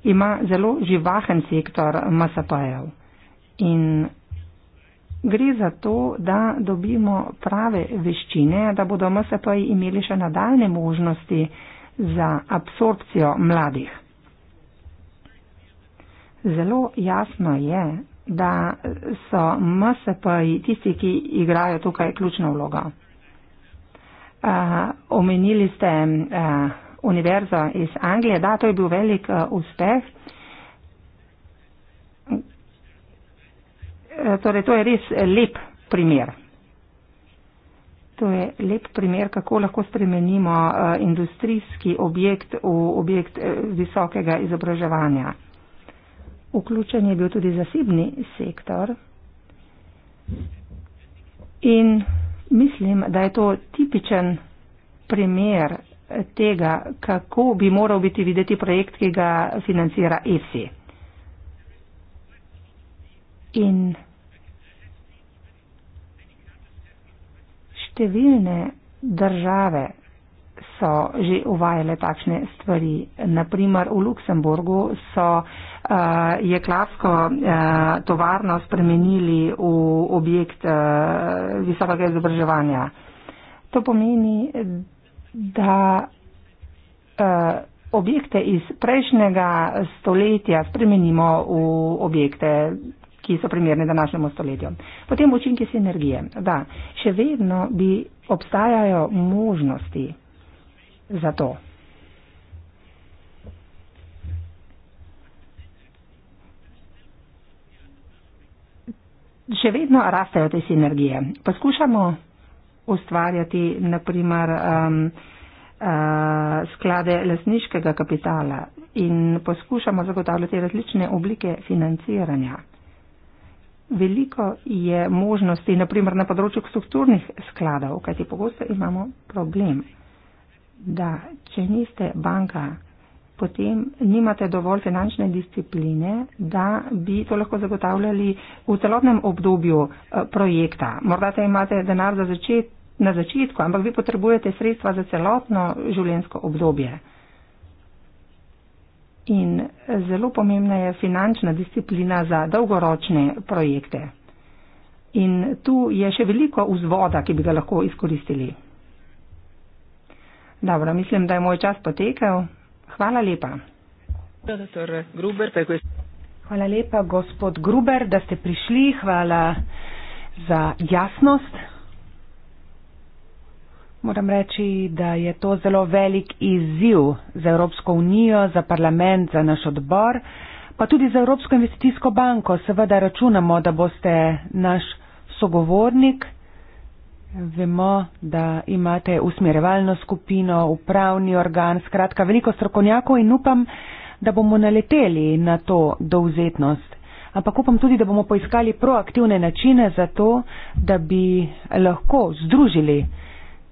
ima zelo živahen sektor MSP-jev in gre za to, da dobimo prave veščine, da bodo MSP-ji imeli še nadaljne možnosti za absorpcijo mladih. Zelo jasno je, da so MSP tisti, ki igrajo tukaj ključno vlogo. Uh, omenili ste uh, univerzo iz Anglije, da to je bil velik uh, uspeh. Torej, to je res lep primer. To je lep primer, kako lahko spremenimo uh, industrijski objekt v objekt uh, visokega izobraževanja vključen je bil tudi zasebni sektor. In mislim, da je to tipičen primer tega, kako bi moral biti videti projekt, ki ga financira EFSI. In številne države so že uvajale takšne stvari. Naprimer, v Luksemburgu so uh, je klavsko uh, eh, tovarno spremenili v objekt uh, visokega izobraževanja. To pomeni, da uh, objekte iz prejšnjega stoletja spremenimo v objekte, ki so primerne današnjemu stoletju. Potem učinki sinergije. Da, še vedno bi obstajajo možnosti za to. še vedno rastejo te sinergije. Poskušamo ustvarjati naprimer um, uh, sklade lasniškega kapitala in poskušamo zagotavljati različne oblike financiranja. Veliko je možnosti, naprimer na področju strukturnih skladov, kajti pogosto imamo problem, da če niste banka, potem nimate dovolj finančne discipline, da bi to lahko zagotavljali v celotnem obdobju eh, projekta. Morda te imate denar za začet, na začetku, ampak vi potrebujete sredstva za celotno življenjsko obdobje. In eh, zelo pomembna je finančna disciplina za dolgoročne projekte. In tu je še veliko vzvoda, ki bi ga lahko izkoristili. Dobro, mislim, da je moj čas potekel. Hvala lepa. Hvala lepa, gospod Gruber, da ste prišli. Hvala za jasnost. Moram reči, da je to zelo velik izziv za Evropsko unijo, za parlament, za naš odbor, pa tudi za Evropsko investicijsko banko. Seveda računamo, da boste naš sogovornik Vemo, da imate usmerevalno skupino, upravni organ, skratka veliko strokovnjakov in upam, da bomo naleteli na to dovzetnost. Ampak upam tudi, da bomo poiskali proaktivne načine za to, da bi lahko združili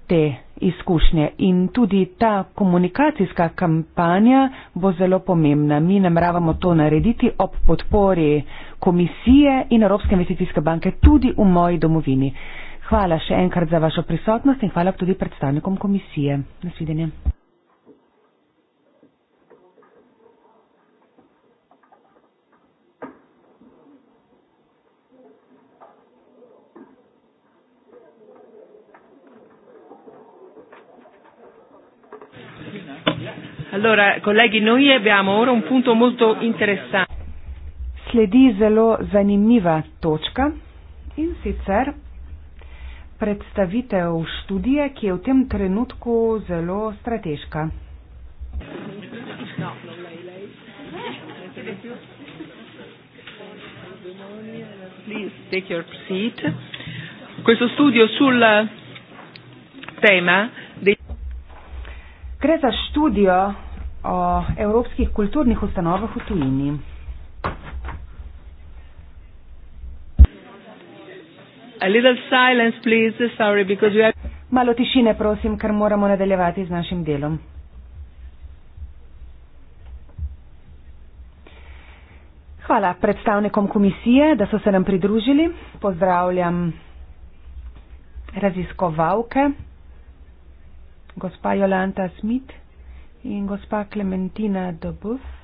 te izkušnje. In tudi ta komunikacijska kampanja bo zelo pomembna. Mi nameravamo to narediti ob podpori komisije in Evropske investicijske banke tudi v moji domovini. Hvala še enkrat za vašo prisotnost in hvala tudi predstavnikom komisije. Nasvidenje. Allora, colleghi, noi abbiamo ora un punto molto interessante. Sledi zelo zanimiva točka in sicer predstavitev študije, ki je v tem trenutku zelo strateška. Gre za študijo o evropskih kulturnih ustanovah v tujini. Malo tišine, prosim, ker moramo nadaljevati z našim delom. Hvala predstavnikom komisije, da so se nam pridružili. Pozdravljam raziskovalke, gospa Jolanta Smit in gospa Klementina Dobuf.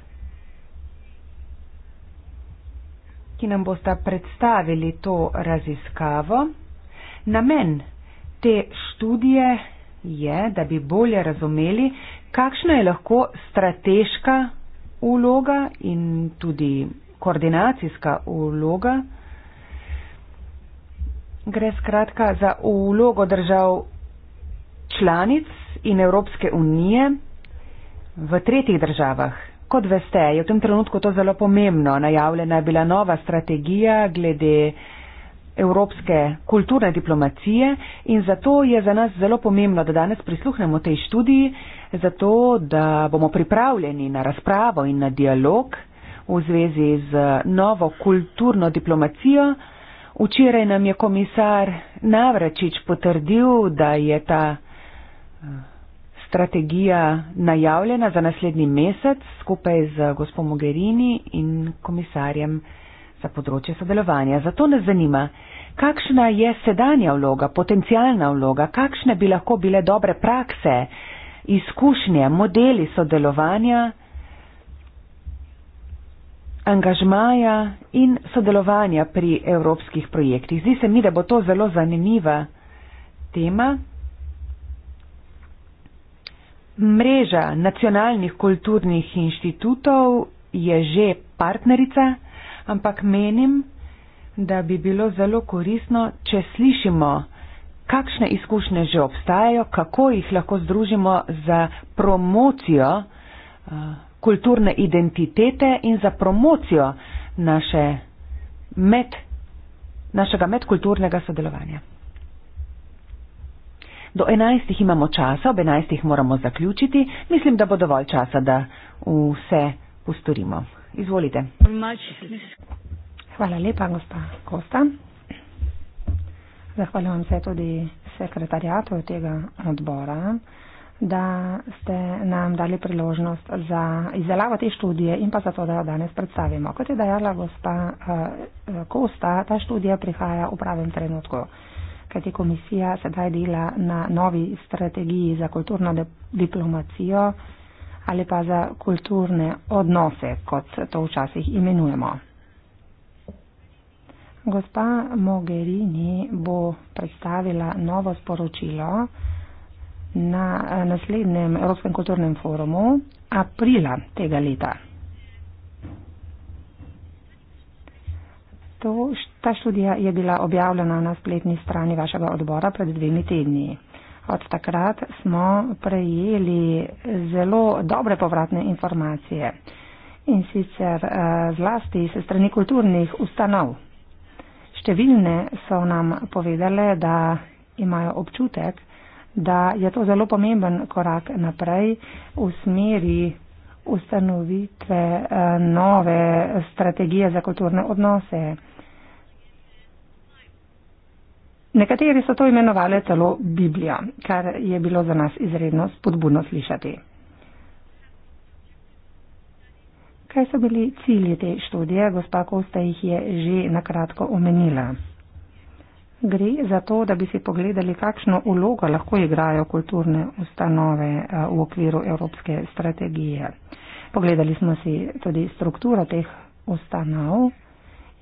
ki nam bosta predstavili to raziskavo. Namen te študije je, da bi bolje razumeli, kakšna je lahko strateška uloga in tudi koordinacijska uloga. Gre skratka za ulogo držav članic in Evropske unije v tretjih državah Kot veste, je v tem trenutku to zelo pomembno. Najavljena je bila nova strategija glede evropske kulturne diplomacije in zato je za nas zelo pomembno, da danes prisluhnemo tej študiji, zato da bomo pripravljeni na razpravo in na dialog v zvezi z novo kulturno diplomacijo. Včeraj nam je komisar Navračič potrdil, da je ta eh, strategija najavljena za naslednji mesec skupaj z gospo Mogherini in komisarjem za področje sodelovanja. Zato nas zanima, kakšna je sedanja vloga, potencijalna vloga, kakšne bi lahko bile dobre prakse, izkušnje, modeli sodelovanja, angažmaja in sodelovanja pri evropskih projektih. Zdi se mi, da bo to zelo zanimiva tema. Mreža nacionalnih kulturnih inštitutov je že partnerica, ampak menim, da bi bilo zelo korisno, če slišimo, kakšne izkušnje že obstajajo, kako jih lahko združimo za promocijo eh, kulturne identitete in za promocijo naše med, našega medkulturnega sodelovanja. Do enajstih imamo časa, ob enajstih moramo zaključiti. Mislim, da bo dovolj časa, da vse postorimo. Izvolite. Hvala lepa, gospa Kosta. Zahvaljujem se tudi sekretarjatu tega odbora, da ste nam dali priložnost za izdelavo te študije in pa za to, da jo danes predstavimo. Kot je dejala gospa eh, Kosta, ta študija prihaja v pravem trenutku kajti komisija sedaj dela na novi strategiji za kulturno diplomacijo ali pa za kulturne odnose, kot to včasih imenujemo. Gospa Mogherini bo predstavila novo sporočilo na naslednjem Evropskem kulturnem forumu aprila tega leta. to, ta študija je bila objavljena na spletni strani vašega odbora pred dvemi tedni. Od takrat smo prejeli zelo dobre povratne informacije in sicer eh, zlasti se strani kulturnih ustanov. Številne so nam povedale, da imajo občutek, da je to zelo pomemben korak naprej v smeri ustanovitve eh, nove strategije za kulturne odnose. Nekateri so to imenovali celo Biblijo, kar je bilo za nas izredno spodbudno slišati. Kaj so bili cilji te študije, gospa Kosta jih je že nakratko omenila? Gre za to, da bi si pogledali, kakšno vlogo lahko igrajo kulturne ustanove eh, v okviru evropske strategije. Pogledali smo si tudi strukturo teh ustanov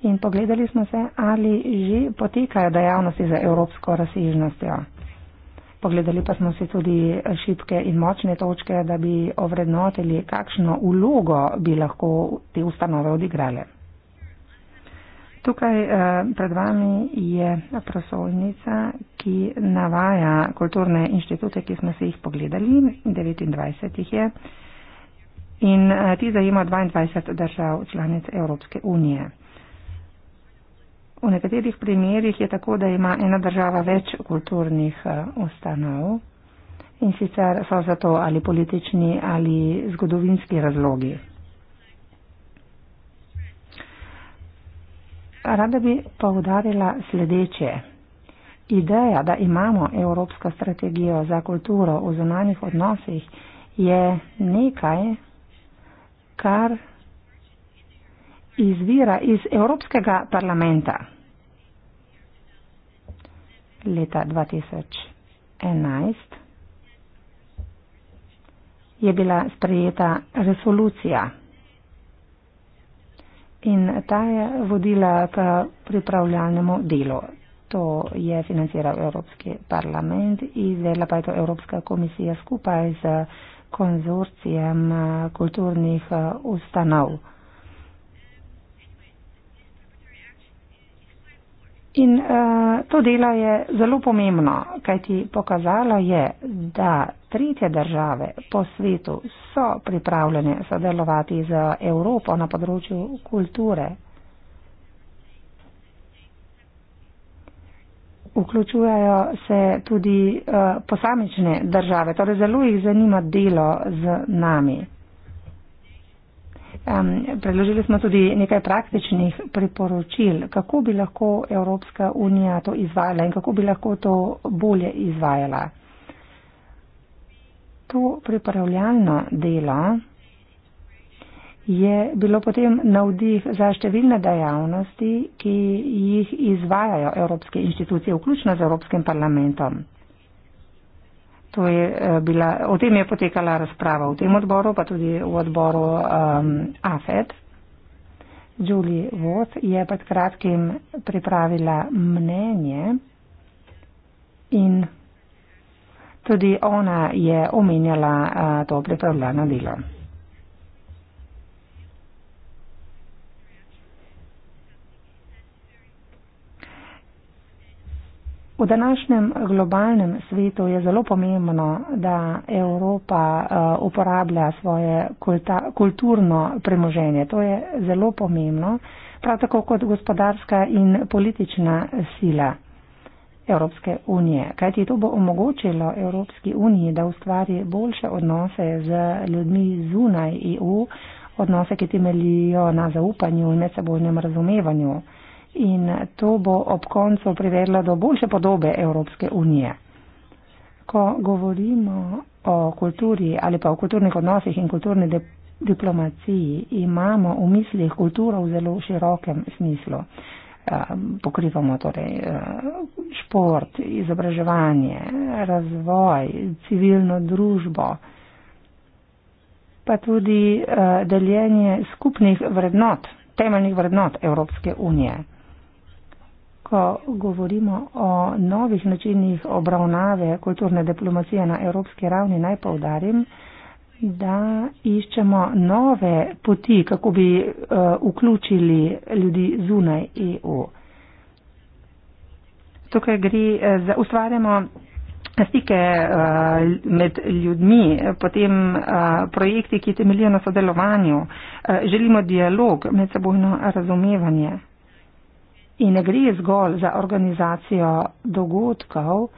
in pogledali smo se, ali že potekajo dejavnosti za evropsko razsežnostjo. Pogledali pa smo si tudi šibke in močne točke, da bi ovrednotili, kakšno ulogo bi lahko te ustanove odigrale. Tukaj eh, pred vami je prosolnica, ki navaja kulturne inštitute, ki smo se jih pogledali, 29 jih je, in eh, ti zajema 22 držav članic Evropske unije. V nekaterih primerjih je tako, da ima ena država več kulturnih eh, ustanov in sicer so za to ali politični ali zgodovinski razlogi. Rada bi povdarila sledeče. Ideja, da imamo Evropsko strategijo za kulturo v zunanjih odnosih, je nekaj, kar izvira iz Evropskega parlamenta leta 2011 je bila sprejeta resolucija in ta je vodila k pripravljalnemu delu. To je financiral Evropski parlament, izvedla pa je to Evropska komisija skupaj z konzorcijem kulturnih ustanov. In uh, to delo je zelo pomembno, kajti pokazalo je, da tretje države po svetu so pripravljene sodelovati z Evropo na področju kulture. Vključujajo se tudi uh, posamične države, torej zelo jih zanima delo z nami. Um, predložili smo tudi nekaj praktičnih priporočil, kako bi lahko Evropska unija to izvajala in kako bi lahko to bolje izvajala. To pripravljalno delo je bilo potem navdih za številne dejavnosti, ki jih izvajajo evropske inštitucije, vključno z Evropskim parlamentom. To je eh, bila, o tem je potekala razprava v tem odboru, pa tudi v odboru um, AFED. Julie Wood je pred kratkim pripravila mnenje in tudi ona je omenjala uh, to pripravljeno delo. V današnjem globalnem svetu je zelo pomembno, da Evropa eh, uporablja svoje kulta, kulturno premoženje. To je zelo pomembno, prav tako kot gospodarska in politična sila Evropske unije. Kajti to bo omogočilo Evropski uniji, da ustvari boljše odnose z ljudmi zunaj EU, odnose, ki temelijo na zaupanju in medsebojnem razumevanju in to bo ob koncu privedlo do boljše podobe Evropske unije. Ko govorimo o kulturi ali pa o kulturnih odnosih in kulturni diplomaciji, imamo v mislih kulturo v zelo širokem smislu. Ehm, pokrivamo torej ehm, šport, izobraževanje, razvoj, civilno družbo, pa tudi ehm, deljenje skupnih vrednot, temeljnih vrednot Evropske unije ko govorimo o novih načinih obravnave kulturne diplomacije na evropski ravni, naj povdarim, da iščemo nove poti, kako bi uh, vključili ljudi zunaj EU. Tukaj gre eh, za ustvarjamo stike uh, med ljudmi, potem uh, projekti, ki temeljijo na sodelovanju. Uh, želimo dialog, medsebojno razumevanje in ne gre zgolj za organizacijo dogodkov,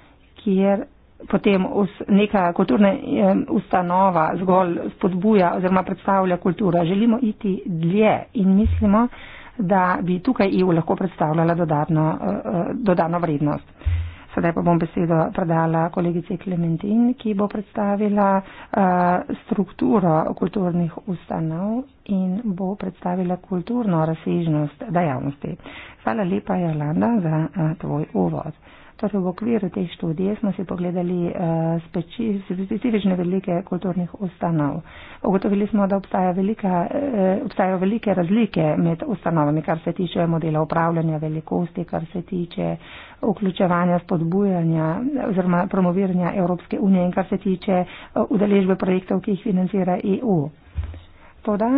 kjer potem neka kulturna ustanova zgolj spodbuja oziroma predstavlja kulturo. Želimo iti dlje in mislimo, da bi tukaj EU lahko predstavljala dodatno, eh, eh, dodano vrednost. Sedaj pa bom besedo predala kolegici Klementin, ki bo predstavila uh, strukturo kulturnih ustanov in bo predstavila kulturno razsežnost dejavnosti. Hvala lepa, Jolanda, za uh, tvoj uvod. Uh, Torej v okviru teh študij smo si pogledali eh, specifične velike kulturnih ustanov. Ugotovili smo, da obstaja velika, eh, obstajajo velike razlike med ustanovami, kar se tiče modela upravljanja velikosti, kar se tiče vključevanja, spodbujanja oziroma promoviranja Evropske unije in kar se tiče eh, udeležbe projektov, ki jih financira EU gospoda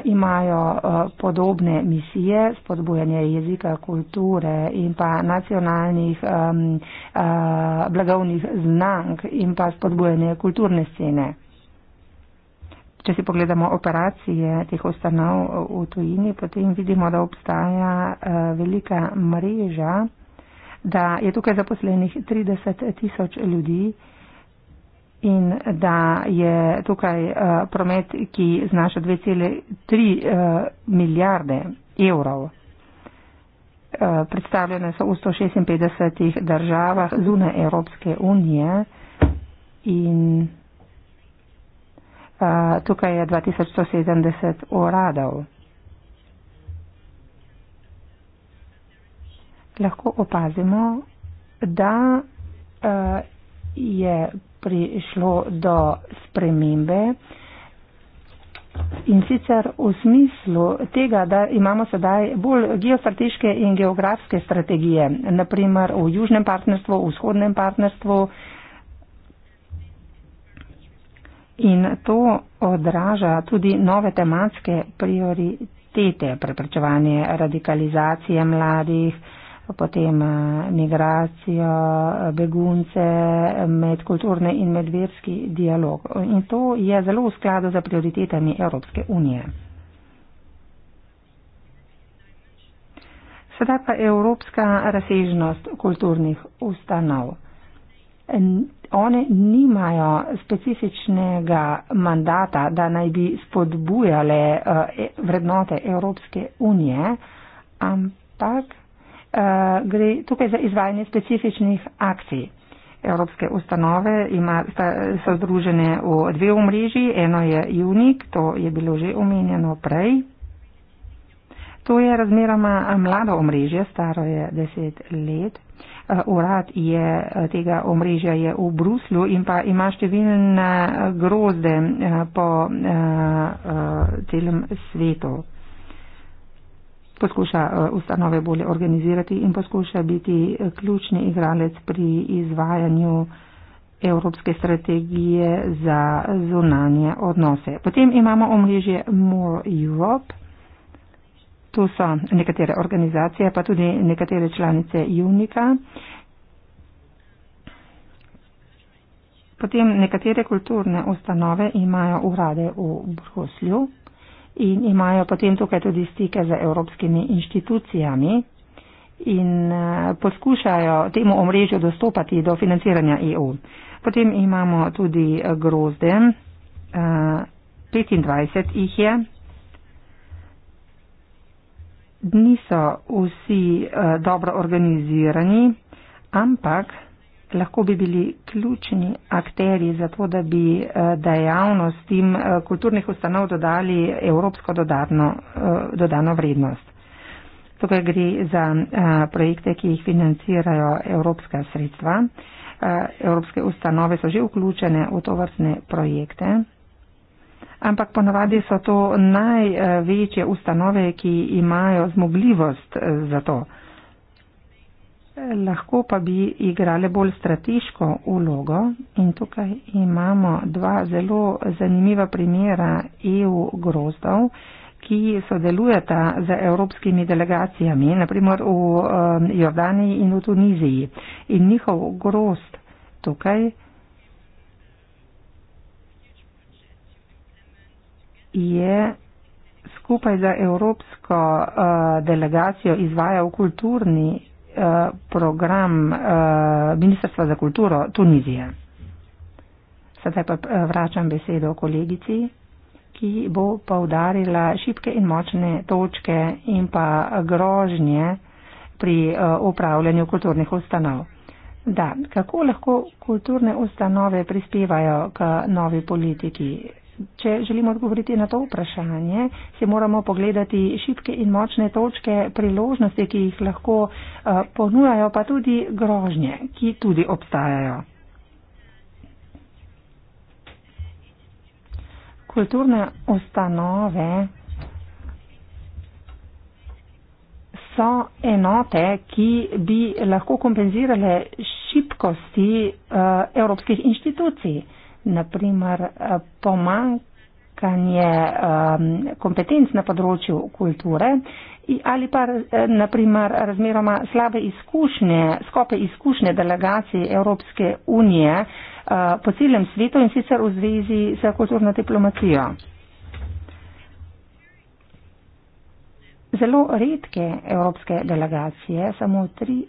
eh, imajo eh, podobne misije, spodbujanje jezika, kulture in pa nacionalnih um, uh, blagovnih znank in pa spodbujanje kulturne scene. Če si pogledamo operacije teh ustanov v tujini, potem vidimo, da obstaja velika mreža, da je tukaj zaposlenih 30 tisoč ljudi in da je tukaj eh, promet, ki znaša 2,3 eh, milijarde evrov. Eh, predstavljene so v 156 državah zune Evropske unije in tukaj je 2170 uradov. Lahko opazimo, da je prišlo do spremembe. In sicer v smislu tega, da imamo sedaj bolj geostrateške in geografske strategije, naprimer v južnem partnerstvu, v vzhodnem partnerstvu. In to odraža tudi nove tematske prioritete, preprečevanje radikalizacije mladih, potem eh, migracijo, eh, begunce, medkulturni in medverski dialog. In to je zelo v skladu z prioritetami Evropske unije. Sedaj pa evropska razsežnost kulturnih ustanov. One nimajo specifičnega mandata, da naj bi spodbujale eh, e, vrednote Evropske unije, ampak uh, gre tukaj za izvajanje specifičnih akcij. Evropske ustanove ima, sta, so združene v dve omrežji, eno je Unik, to je bilo že omenjeno prej. To je razmeroma mlado omrežje, staro je 10 let. Eh, urad je, tega omrežja je v Bruslu in pa ima številne grozde eh, po celem svetu poskuša eh, ustanove bolje organizirati in poskuša biti eh, ključni igralec pri izvajanju evropske strategije za zunanje odnose. Potem imamo omrežje More Europe. Tu so nekatere organizacije, pa tudi nekatere članice Junika. Potem nekatere kulturne ustanove imajo urade v Bruslju in imajo potem tukaj tudi stike z evropskimi inštitucijami in eh, poskušajo temu omrežju dostopati do financiranja EU. Potem imamo tudi grozde, 25 eh, jih je. Niso vsi eh, dobro organizirani, ampak lahko bi bili ključni akteri za to, da bi eh, dejavnost tim eh, kulturnih ustanov dodali evropsko dodano, eh, dodano vrednost. Tukaj gre za projekte, ki jih financirajo evropska sredstva. Evropske ustanove so že vključene v to vrstne projekte. Ampak ponavadi so to največje ustanove, ki imajo zmogljivost za to lahko pa bi igrale bolj strateško vlogo. In tukaj imamo dva zelo zanimiva primera EU grozdov, ki sodelujeta z evropskimi delegacijami, naprimer v eh, Jordaniji in v Tuniziji. In njihov grozd tukaj je skupaj za evropsko uh, delegacijo izvajal kulturni Eh, program eh, Ministrstva za kulturo Tunizije. Sedaj pa eh, vračam besedo kolegici, ki bo povdarila šibke in močne točke in pa grožnje pri upravljanju kulturnih ustanov. Da, kako lahko kulturne ustanove prispevajo k novi politiki če želimo odgovoriti na to vprašanje, si moramo pogledati šibke in močne točke, priložnosti, ki jih lahko eh, ponujajo, pa tudi grožnje, ki tudi obstajajo. Kulturne ustanove so enote, ki bi lahko kompenzirale šibkosti uh, evropskih inštitucij. Uh, naprimer eh, pomankanje eh, kompetenc na področju kulture ali pa eh, naprimer razmeroma slabe izkušnje, skope izkušnje delegacij Evropske unije po celem svetu in sicer v zvezi s kulturno diplomacijo. zelo redke evropske delegacije, samo tri,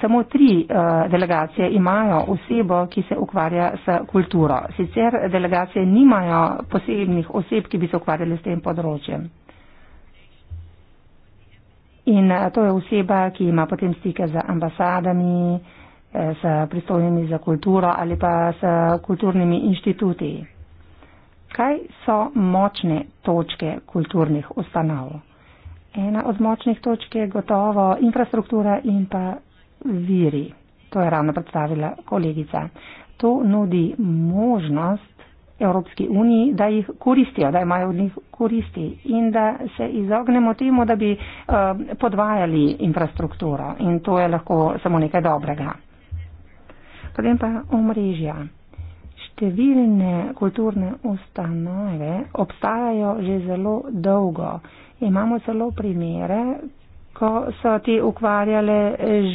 samo tri eh, delegacije imajo osebo, ki se ukvarja s kulturo. Sicer delegacije nimajo posebnih oseb, ki bi se ukvarjali s tem področjem. In eh, to je oseba, ki ima potem stike z ambasadami, eh, s pristojnimi za kulturo ali pa s kulturnimi inštituti. Kaj so močne točke kulturnih ustanov? ena od močnih točk je gotovo infrastruktura in pa viri. To je ravno predstavila kolegica. To nudi možnost Evropski uniji, da jih koristijo, da imajo od njih koristi in da se izognemo temu, da bi uh, podvajali infrastrukturo. In to je lahko samo nekaj dobrega. Potem pa omrežja. Številne kulturne ustanove obstajajo že zelo dolgo. Imamo celo primere, ko so ti ukvarjale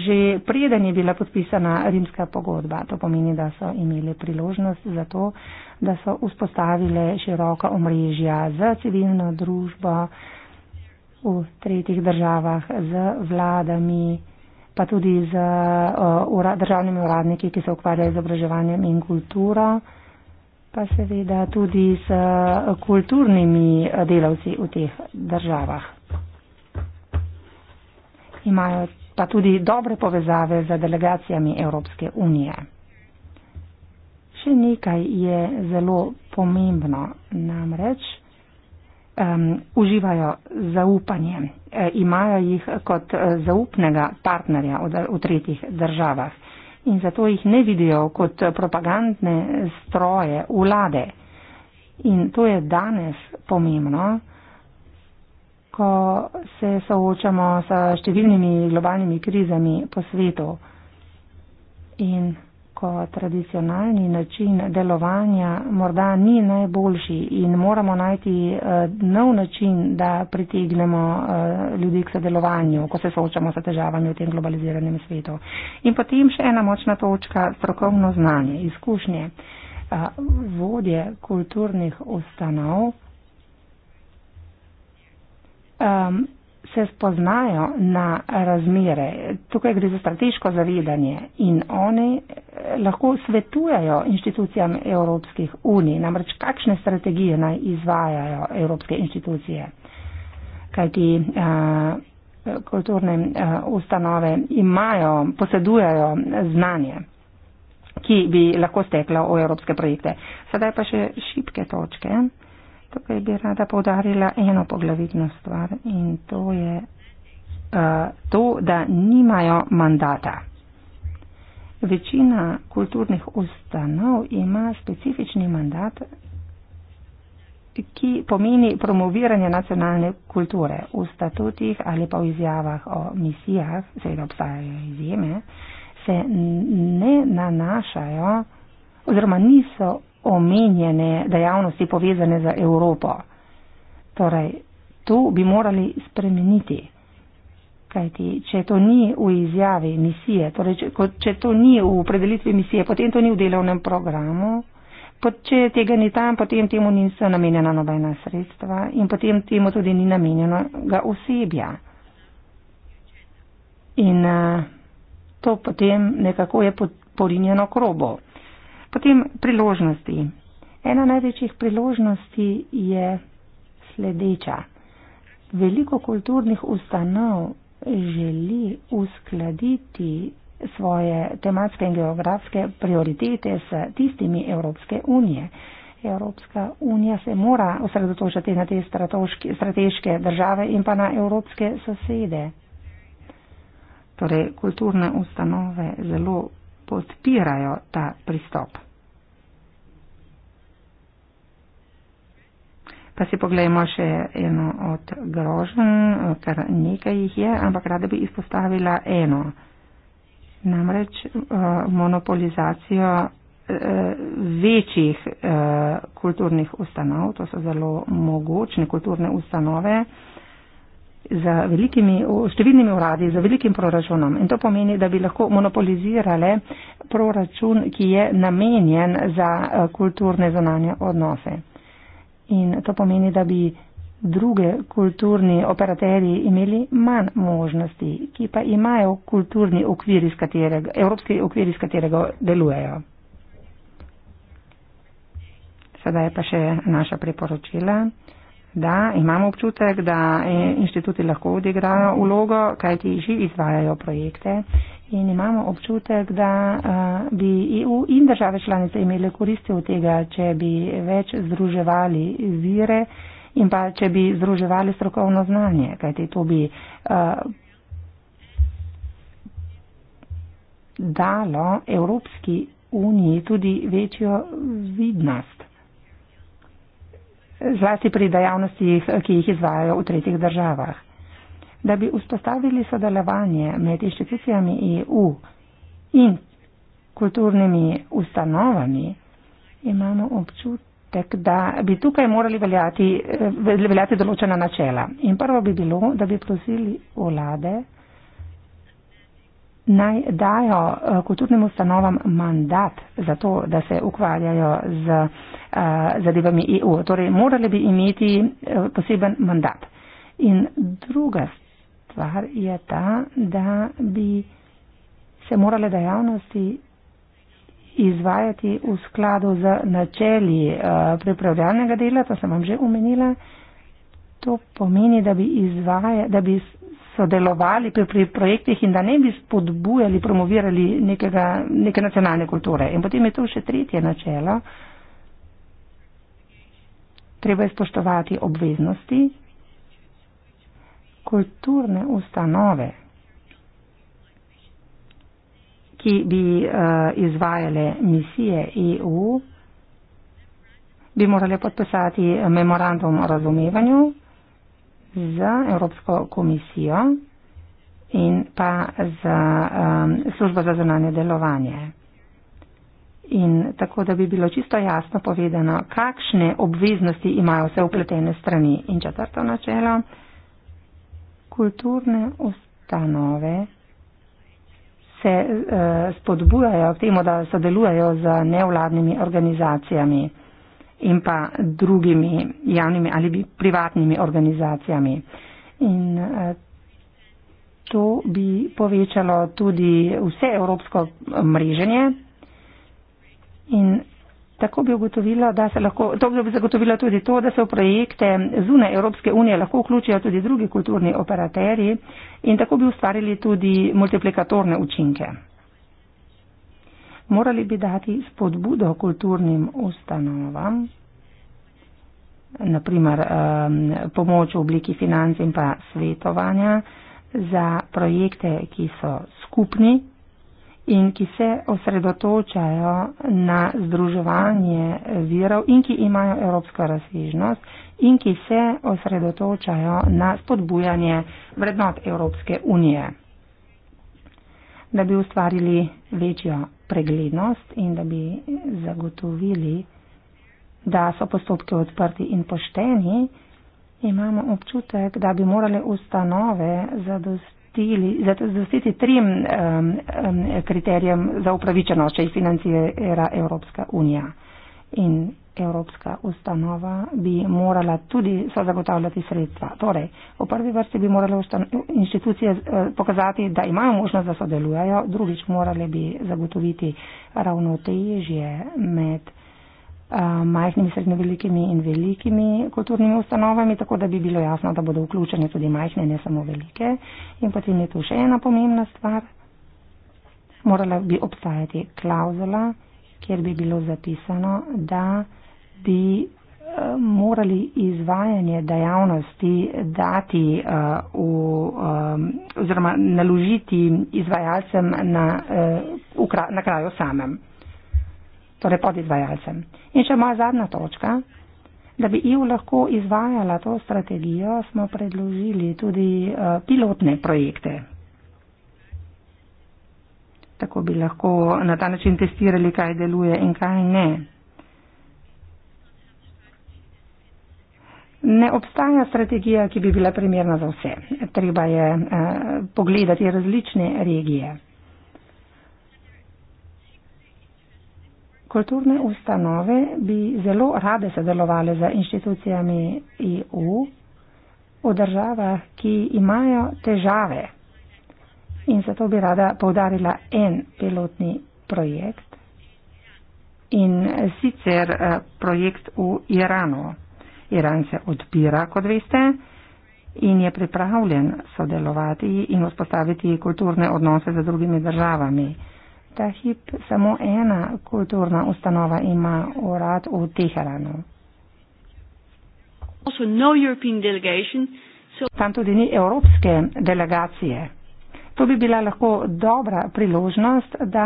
že preden je bila podpisana rimska pogodba. To pomeni, da so imeli priložnost za to, da so vzpostavile široka omrežja za civilno družbo v tretjih državah z vladami pa tudi z eh, ura, državnimi uradniki, ki se ukvarjajo z obraževanjem in kulturo, pa seveda tudi z eh, kulturnimi eh, delavci v teh državah. Imajo pa tudi dobre povezave z delegacijami Evropske unije. Še nekaj je zelo pomembno, namreč um, uživajo zaupanje, e, imajo jih kot e, zaupnega partnerja v, v tretjih državah in zato jih ne vidijo kot propagandne stroje vlade. In to je danes pomembno, ko se soočamo s številnimi globalnimi krizami po svetu. In nekako tradicionalni način delovanja morda ni najboljši in moramo najti eh, nov način, da pritegnemo eh, ljudi k sodelovanju, ko se soočamo s težavami v tem globaliziranem svetu. In potem še ena močna točka, strokovno znanje, izkušnje. Eh, vodje kulturnih ustanov. Ehm, se spoznajo na razmere. Tukaj gre za strateško zavedanje in oni eh, lahko svetujajo inštitucijam Evropskih unij, namreč kakšne strategije naj izvajajo Evropske inštitucije. Kajti uh, kulturne uh, ustanove imajo, posedujajo znanje, ki bi lahko steklo v evropske projekte. Sedaj pa še šibke točke. Tukaj bi rada povdarila eno poglavitno stvar in to je uh, to, da nimajo mandata. Večina kulturnih ustanov ima specifični mandat, ki pomeni promoviranje nacionalne kulture v statutih ali pa v izjavah o misijah, seveda obstajajo izjeme, se ne nanašajo oziroma niso omenjene dejavnosti povezane za Evropo. Torej, to bi morali spremeniti. Kajti, če to ni v izjavi misije, torej, če, če to ni v predelitvi misije, potem to ni v delovnem programu, pot, če tega ni tam, potem temu niso namenjena nobena sredstva in potem temu tudi ni namenjeno ga osebja. In a, eh, to potem nekako je porinjeno krobo. Potem priložnosti. Ena največjih priložnosti je sledeča. Veliko kulturnih ustanov želi uskladiti svoje tematske in geografske prioritete s tistimi Evropske unije. Evropska unija se mora osredotočati na te strateške države in pa na evropske sosede. Torej, kulturne ustanove zelo podpirajo ta pristop. Pa si pogledajmo še eno od groženj, kar nekaj jih je, ampak rada bi izpostavila eno. Namreč eh, monopolizacijo eh, večjih eh, kulturnih ustanov, to so zelo mogočne kulturne ustanove, z velikimi, številnimi uradi, z velikim proračunom. In to pomeni, da bi lahko monopolizirale proračun, ki je namenjen za eh, kulturne zonanje odnose. In to pomeni, da bi druge kulturni operaterji imeli manj možnosti, ki pa imajo kulturni okvir, iz katerega, evropski okvir, iz katerega delujejo. Sedaj pa še naša priporočila. Da, imamo občutek, da e, inštituti lahko odigrajo vlogo, kajti že izvajajo projekte in imamo občutek, da uh, bi EU in države članice imele koristi od tega, če bi več združevali vire in pa če bi združevali strokovno znanje, kajti to bi uh, dalo Evropski uniji tudi večjo vidnost zlasti pri dejavnostih, ki jih izvajajo v tretjih državah. Da bi vzpostavili sodelovanje med inštitucijami EU in kulturnimi ustanovami, imamo občutek, da bi tukaj morali veljati, veljati določena načela. In prvo bi bilo, da bi prosili vlade, naj dajo eh, kulturnim ustanovam mandat za to, da se ukvarjajo z eh, zadevami EU. Torej, morali bi imeti eh, poseben mandat. In druga stvar je ta, da bi se morale dejavnosti izvajati v skladu z načeli pripravljalnega dela, to sem vam že omenila. To pomeni, da bi, izvaja, da bi sodelovali pri, pri projektih in da ne bi spodbujali, promovirali nekega, neke nacionalne kulture. In potem je to še tretje načelo. Treba je spoštovati obveznosti kulturne ustanove, ki bi uh, izvajale misije EU, bi morali podpisati memorandum o razumevanju z Evropsko komisijo in pa z um, službo za zunanje delovanje. In tako, da bi bilo čisto jasno povedano, kakšne obveznosti imajo vse upletene strani. In četrto načelo, kulturne ustanove se uh, spodbujajo k temu, da sodelujajo z nevladnimi organizacijami in pa drugimi javnimi ali privatnimi organizacijami. In eh, to bi povečalo tudi vse evropsko mreženje. In tako bi ugotovilo, da se lahko, to bi zagotovilo tudi to, da se v projekte zune Evropske unije lahko vključijo tudi drugi kulturni operaterji in tako bi ustvarili tudi multiplikatorne učinke morali bi dati spodbudo kulturnim ustanovam, naprimer pomoč v obliki financ in pa svetovanja za projekte, ki so skupni in ki se osredotočajo na združevanje virov in ki imajo evropsko razsežnost in ki se osredotočajo na spodbujanje vrednot Evropske unije, da bi ustvarili večjo preglednost in da bi zagotovili, da so postopki odprti in pošteni, imamo občutek, da bi morali ustanove zadostiti trim um, um, kriterijem za upravičenost, če jih financira Evropska unija. In evropska ustanova bi morala tudi so zagotavljati sredstva. Torej, v prvi vrsti bi morale inštitucije eh, pokazati, da imajo možnost, da sodelujajo, drugič morale bi zagotoviti ravnotežje med eh, majhnimi, srednje velikimi in velikimi kulturnimi ustanovami, tako da bi bilo jasno, da bodo vključene tudi majhne, ne samo velike. In potem je tu še ena pomembna stvar. Morala bi obstajati klauzula, kjer bi bilo zapisano, da bi eh, morali izvajanje dejavnosti dati eh, v, eh, oziroma naložiti izvajalcem na, na kraju samem, torej pod izvajalcem. In še moja zadnja točka, da bi EU lahko izvajala to strategijo, smo predložili tudi pilotne projekte. Tako bi lahko na ta način testirali, kaj deluje in kaj ne. Ne obstaja strategija, ki bi bila primerna za vse. Treba je eh, pogledati različne regije. Kulturne ustanove bi zelo rade sodelovali z inštitucijami EU v državah, ki imajo težave. In zato bi rada povdarila en pilotni projekt in sicer eh, projekt v Iranu. Iran se odpira, kot veste, in je pripravljen sodelovati in vzpostaviti kulturne odnose z drugimi državami. Ta hip samo ena kulturna ustanova ima urad v Teheranu. No Tam tudi ni evropske delegacije. To bi bila lahko dobra priložnost, da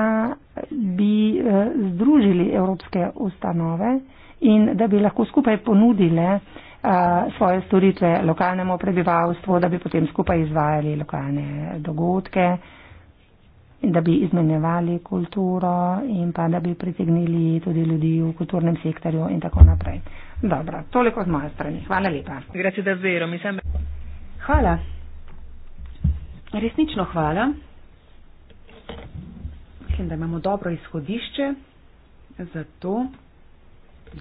bi eh, združili evropske ustanove in da bi lahko skupaj ponudile svoje storitve lokalnemu prebivalstvu, da bi potem skupaj izvajali lokalne dogodke, da bi izmenjevali kulturo in pa da bi pritegnili tudi ljudi v kulturnem sektorju in tako naprej. Dobro, toliko z moje strani. Hvala lepa. Grazie davvero, mi sem. Hvala. Resnično hvala. Mislim, da imamo dobro izhodišče za to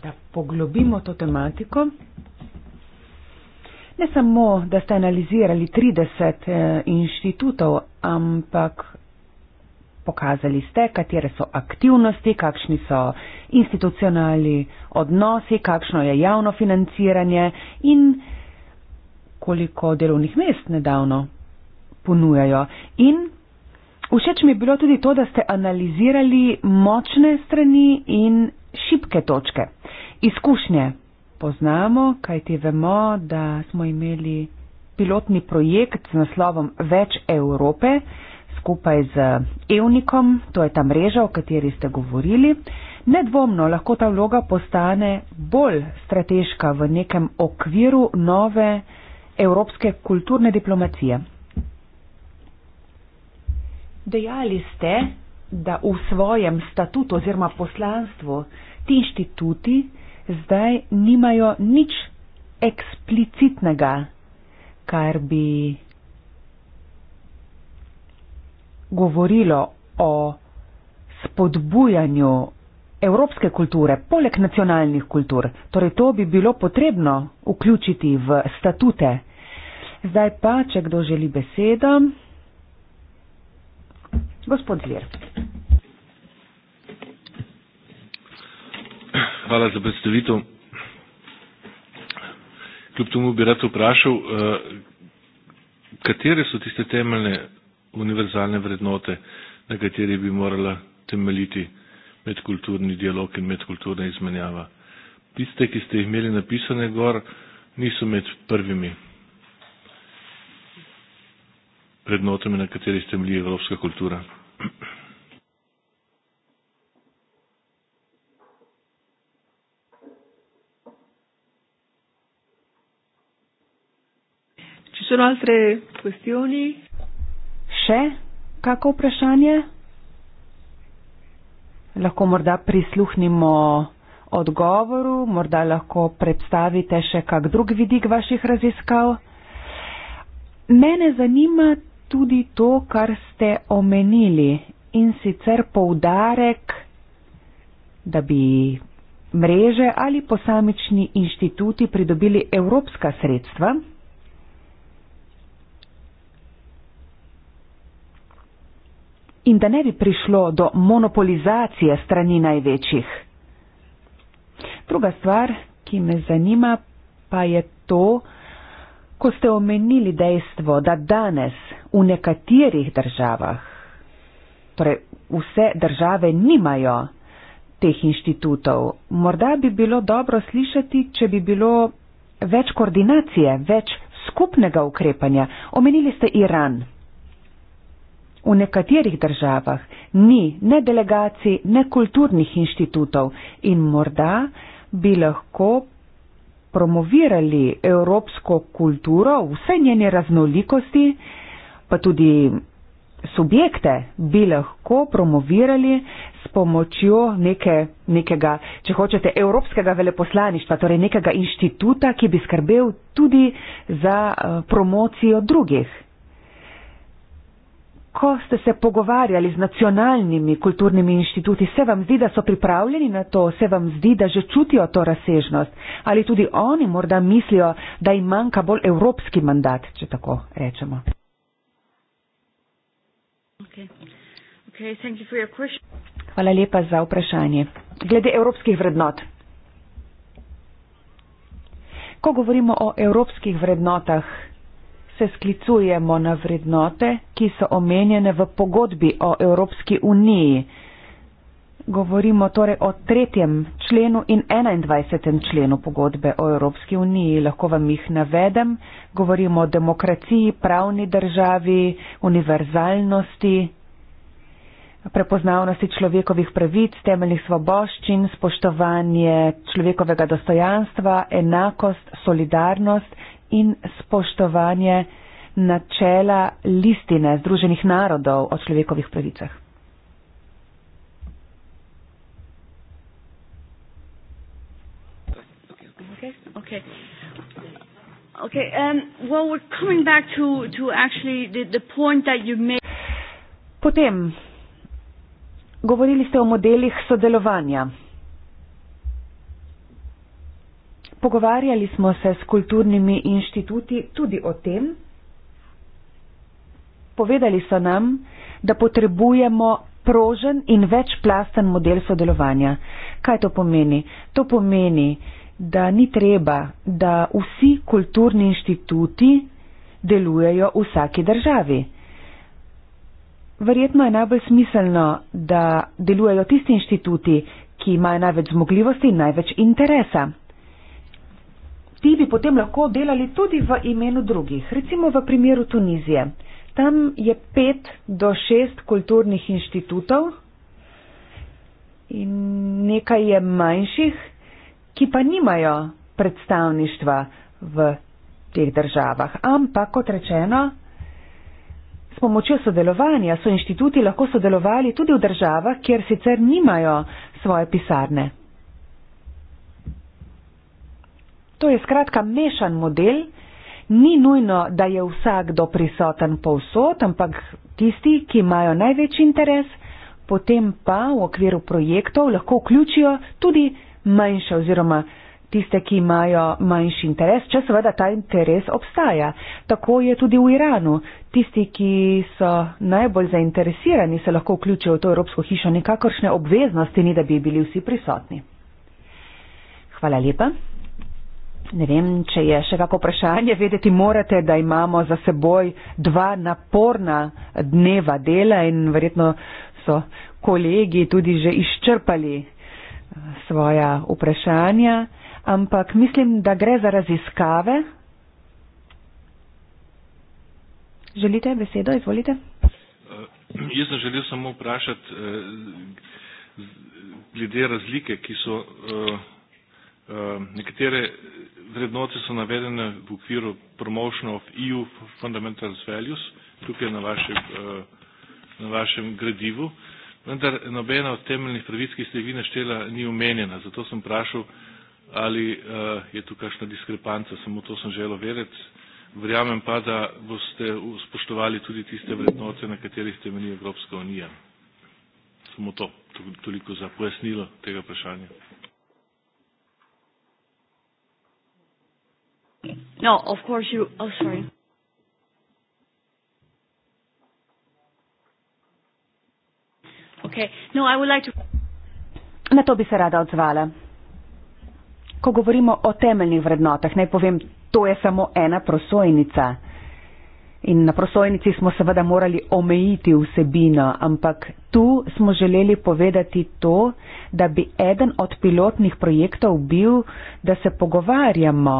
da poglobimo to tematiko. Ne samo, da ste analizirali 30 eh, inštitutov, ampak pokazali ste, katere so aktivnosti, kakšni so institucionalni odnosi, kakšno je javno financiranje in koliko delovnih mest nedavno ponujajo. In všeč mi je bilo tudi to, da ste analizirali močne strani in šibke točke, izkušnje. Poznamo, kaj ti vemo, da smo imeli pilotni projekt z naslovom Več Evrope skupaj z Evnikom, to je ta mreža, o kateri ste govorili. Nedvomno lahko ta vloga postane bolj strateška v nekem okviru nove evropske kulturne diplomacije. Dejali ste, da v svojem statutu oziroma poslanstvu ti inštituti zdaj nimajo nič eksplicitnega, kar bi govorilo o spodbujanju evropske kulture poleg nacionalnih kultur. Torej to bi bilo potrebno vključiti v statute. Zdaj pa, če kdo želi besedo. Gospod Zvir. hvala za predstavitev. Kljub temu bi rad vprašal, eh, katere so tiste temeljne univerzalne vrednote, na kateri bi morala temeljiti medkulturni dialog in medkulturna izmenjava. Tiste, ki ste jih imeli napisane gor, niso med prvimi vrednotami, na kateri temelji evropska kultura. Ci sono altre questioni? Še kako vprašanje? Lahko morda prisluhnimo odgovoru, morda lahko predstavite še kak drug vidik vaših raziskav. Mene zanima tudi to, kar ste omenili in sicer poudarek, da bi mreže ali posamični inštituti pridobili evropska sredstva. in da ne bi prišlo do monopolizacije strani največjih. Druga stvar, ki me zanima, pa je to, ko ste omenili dejstvo, da danes v nekaterih državah, torej vse države nimajo teh inštitutov, morda bi bilo dobro slišati, če bi bilo več koordinacije, več skupnega ukrepanja. Omenili ste Iran. V nekaterih državah ni ne delegacij, ne kulturnih inštitutov in morda bi lahko promovirali evropsko kulturo, vse njene raznolikosti, pa tudi subjekte bi lahko promovirali s pomočjo neke, nekega, če hočete, evropskega veleposlaništva, torej nekega inštituta, ki bi skrbel tudi za eh, promocijo drugih ko ste se pogovarjali z nacionalnimi kulturnimi inštituti, se vam zdi, da so pripravljeni na to, se vam zdi, da že čutijo to razsežnost ali tudi oni morda mislijo, da jim manjka bolj evropski mandat, če tako rečemo. Okay. Okay, Hvala lepa za vprašanje. Glede evropskih vrednot. Ko govorimo o evropskih vrednotah, se sklicujemo na vrednote, ki so omenjene v pogodbi o Evropski uniji. Govorimo torej o tretjem členu in 21. členu pogodbe o Evropski uniji. Lahko vam jih navedem. Govorimo o demokraciji, pravni državi, univerzalnosti, prepoznavnosti človekovih pravic, temeljnih svoboščin, spoštovanje človekovega dostojanstva, enakost, solidarnost in spoštovanje načela listine Združenih narodov o človekovih pravicah. Okay. Okay. Um, well, we're coming back to to actually the the point that you made. Potem govorili ste o modelih sodelovanja. Pogovarjali smo se s kulturnimi inštituti tudi o tem. Povedali so nam, da potrebujemo prožen in večplasten model sodelovanja. Kaj to pomeni? To pomeni, da ni treba, da vsi kulturni inštituti delujejo v vsaki državi. Verjetno je najbolj smiselno, da delujejo tisti inštituti, ki imajo največ zmogljivosti in največ interesa ti bi potem lahko delali tudi v imenu drugih. Recimo v primeru Tunizije. Tam je pet do šest kulturnih inštitutov in nekaj je manjših, ki pa nimajo predstavništva v teh državah. Ampak, kot rečeno, s pomočjo sodelovanja so inštituti lahko sodelovali tudi v državah, kjer sicer nimajo svoje pisarne. To je skratka mešan model, ni nujno, da je vsakdo prisoten povsod, ampak tisti, ki imajo največji interes, potem pa v okviru projektov lahko vključijo tudi manjše oziroma tiste, ki imajo manjši interes, če seveda ta interes obstaja. Tako je tudi v Iranu. Tisti, ki so najbolj zainteresirani, se lahko vključijo v to Evropsko hišo, nikakršne obveznosti ni, da bi bili vsi prisotni. Hvala lepa. Ne vem, če je še kako vprašanje. Vedeti morate, da imamo za seboj dva naporna dneva dela in verjetno so kolegi tudi že izčrpali eh, svoja vprašanja, ampak mislim, da gre za raziskave. Želite besedo? Izvolite. Eh, jaz sem želel samo vprašati eh, glede razlike, ki so Ehm, nekatere vrednote so navedene v okviru Promotion of EU Fundamental Values, tukaj na vašem, eh, na vašem gradivu, vendar nobena od temeljnih pravic, ki ste jih vi naštela, ni omenjena. Zato sem vprašal, ali eh, je tu kakšna diskrepanca, samo to sem želel vedeti. Verjamem pa, da boste spoštovali tudi tiste vrednote, na katerih temelji Evropska unija. Samo to, toliko za pojasnilo tega vprašanja. No, of course you. Oh, sorry. Okay. No, I would like to... Na to bi se rada odzvala. Ko govorimo o temeljnih vrednotah, naj povem, to je samo ena prosojnica. In na prosojnici smo seveda morali omejiti vsebino, ampak tu smo želeli povedati to, da bi eden od pilotnih projektov bil, da se pogovarjamo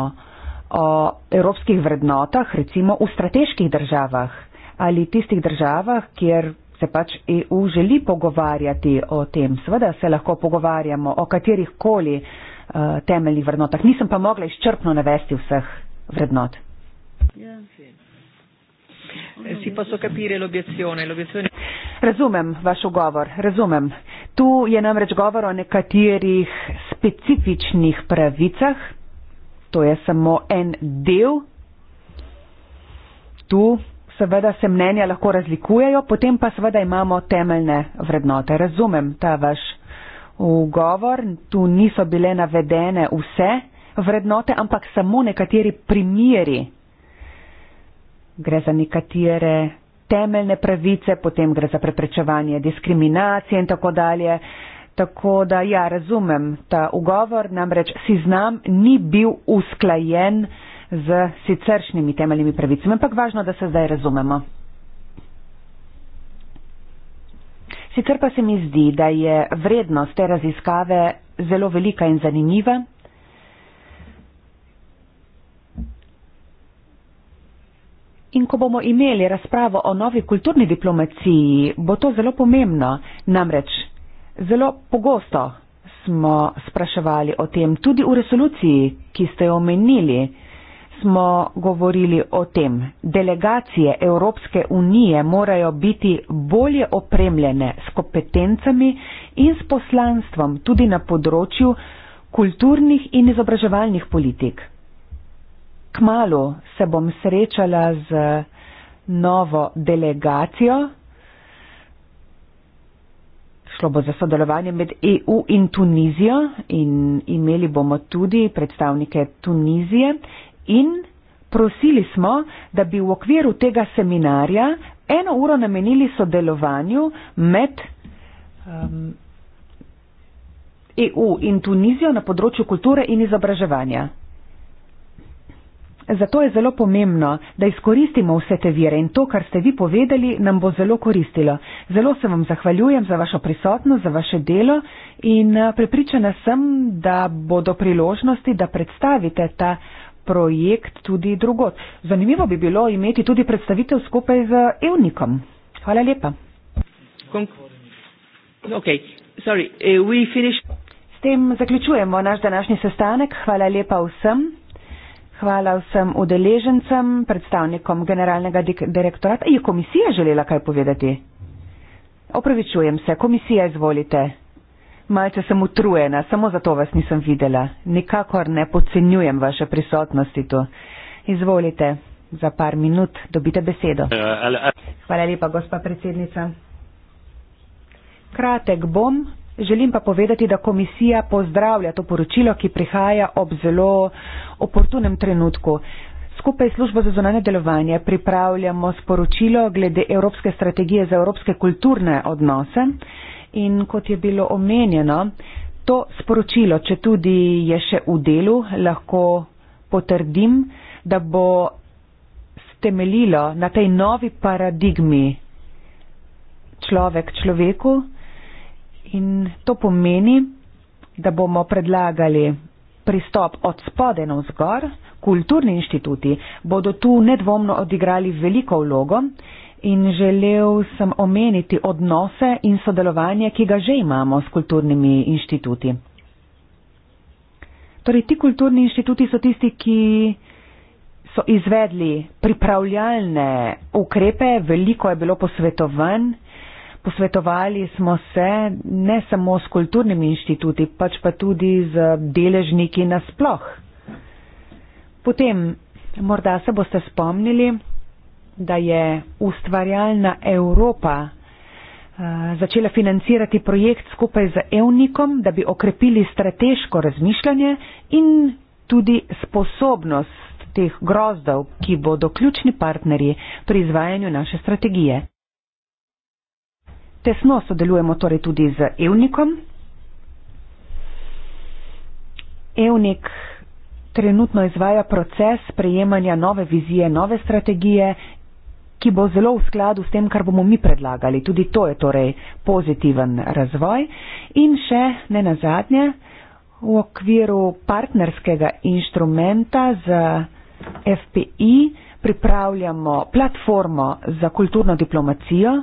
o evropskih vrednotah, recimo v strateških državah ali tistih državah, kjer se pač EU želi pogovarjati o tem. Sveda se lahko pogovarjamo o katerih koli uh, eh, temeljnih vrednotah. Nisem pa mogla izčrpno navesti vseh vrednot. Razumem vaš ugovor, razumem. Tu je namreč govor o nekaterih specifičnih pravicah, to je samo en del. Tu seveda se mnenja lahko razlikujejo, potem pa seveda imamo temeljne vrednote. Razumem ta vaš ugovor, tu niso bile navedene vse vrednote, ampak samo nekateri primjeri. Gre za nekatere temeljne pravice, potem gre za preprečevanje diskriminacije in tako dalje. Tako da ja, razumem ta ugovor, namreč si znam, ni bil usklajen z siceršnjimi temeljnimi pravicami, ampak važno, da se zdaj razumemo. Sicer pa se mi zdi, da je vrednost te raziskave zelo velika in zanimiva. In ko bomo imeli razpravo o novi kulturni diplomaciji, bo to zelo pomembno. Namreč Zelo pogosto smo spraševali o tem, tudi v resoluciji, ki ste jo omenili, smo govorili o tem. Delegacije Evropske unije morajo biti bolje opremljene s kompetencami in s poslanstvom tudi na področju kulturnih in izobraževalnih politik. Kmalo se bom srečala z novo delegacijo. Šlo bo za sodelovanje med EU in Tunizijo in imeli bomo tudi predstavnike Tunizije in prosili smo, da bi v okviru tega seminarja eno uro namenili sodelovanju med um, EU in Tunizijo na področju kulture in izobraževanja. Zato je zelo pomembno, da izkoristimo vse te vire in to, kar ste vi povedali, nam bo zelo koristilo. Zelo se vam zahvaljujem za vašo prisotnost, za vaše delo in eh, prepričana sem, da bodo priložnosti, da predstavite ta projekt tudi drugot. Zanimivo bi bilo imeti tudi predstavitev skupaj z Evnikom. Hvala lepa. Eh, S tem zaključujemo naš današnji sestanek. Hvala lepa vsem hvala vsem udeležencem, predstavnikom generalnega direktorata. Je komisija želela kaj povedati? Opravičujem se, komisija izvolite. Malce sem utrujena, samo zato vas nisem videla. Nikakor ne podcenjujem vaše prisotnosti tu. Izvolite, za par minut dobite besedo. Eh, hvala lepa, gospa predsednica. Kratek bom, Želim pa povedati, da komisija pozdravlja to poročilo, ki prihaja ob zelo oportunem trenutku. Skupaj službo za zunanje delovanje pripravljamo sporočilo glede Evropske strategije za evropske kulturne odnose in kot je bilo omenjeno, to sporočilo, če tudi je še v delu, lahko potrdim, da bo temeljilo na tej novi paradigmi človek človeku, in to pomeni, da bomo predlagali pristop od spode na vzgor. Kulturni inštituti bodo tu nedvomno odigrali veliko vlogo in želel sem omeniti odnose in sodelovanje, ki ga že imamo s kulturnimi inštituti. Torej, ti kulturni inštituti so tisti, ki so izvedli pripravljalne ukrepe, veliko je bilo posvetovanj. Posvetovali smo se ne samo s kulturnimi inštituti, pač pa tudi z deležniki nasploh. Potem, morda se boste spomnili, da je ustvarjalna Evropa eh, začela financirati projekt skupaj z EUNIKOM, da bi okrepili strateško razmišljanje in tudi sposobnost teh grozdov, ki bodo ključni partnerji pri izvajanju naše strategije tesno sodelujemo torej tudi z Evnikom. Evnik trenutno izvaja proces prejemanja nove vizije, nove strategije, ki bo zelo v skladu s tem, kar bomo mi predlagali. Tudi to je torej pozitiven razvoj. In še ne nazadnje, v okviru partnerskega inštrumenta z FPI pripravljamo platformo za kulturno diplomacijo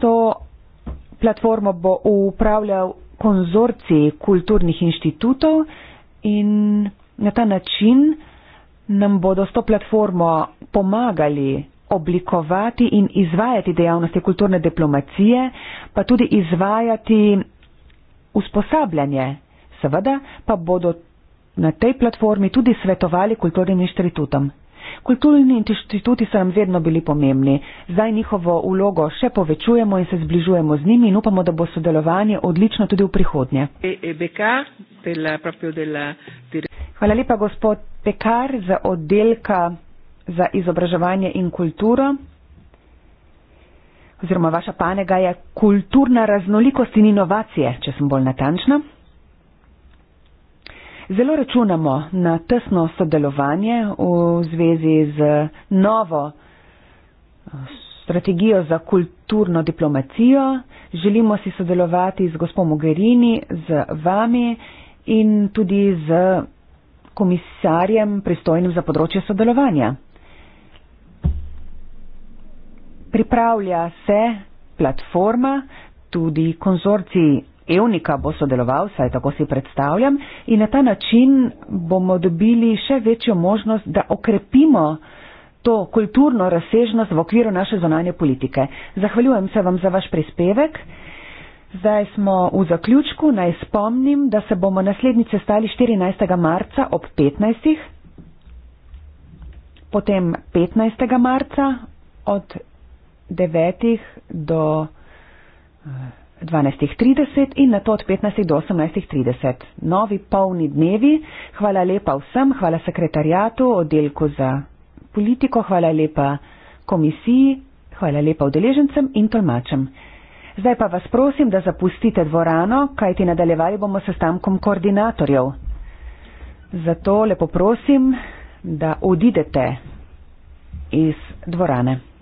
to platformo bo upravljal konzorcij kulturnih inštitutov in na ta način nam bodo s to platformo pomagali oblikovati in izvajati dejavnosti kulturne diplomacije, pa tudi izvajati usposabljanje. Seveda pa bodo na tej platformi tudi svetovali kulturnim inštitutom. Kulturni inštituti so nam vedno bili pomembni. Zdaj njihovo ulogo še povečujemo in se zbližujemo z njimi in upamo, da bo sodelovanje odlično tudi v prihodnje. E, e, Hvala lepa, gospod Pekar, za oddelka za izobraževanje in kulturo. Oziroma, vaša panega je kulturna raznolikost in inovacije, če sem bolj natančna. Zelo računamo na tesno sodelovanje v zvezi z novo eh, strategijo za kulturno diplomacijo. Želimo si sodelovati z gospom Mogherini, z vami in tudi z komisarjem pristojnim za področje sodelovanja. Pripravlja se platforma, tudi konzorcij evnika bo sodeloval, saj tako si predstavljam, in na ta način bomo dobili še večjo možnost, da okrepimo to kulturno razsežnost v okviru naše zonanje politike. Zahvaljujem se vam za vaš prispevek. Zdaj smo v zaključku. Naj spomnim, da se bomo naslednjice stali 14. marca ob 15. Potem 15. marca od 9. do eh, 12.30 in na to od 15 do 18.30. Novi polni dnevi. Hvala lepa vsem, hvala sekretarjatu, oddelku za politiko, hvala lepa komisiji, hvala lepa udeležencem in tolmačem. Zdaj pa vas prosim, da zapustite dvorano, kajti nadaljevali bomo s stankom koordinatorjev. Zato lepo prosim, da odidete iz dvorane.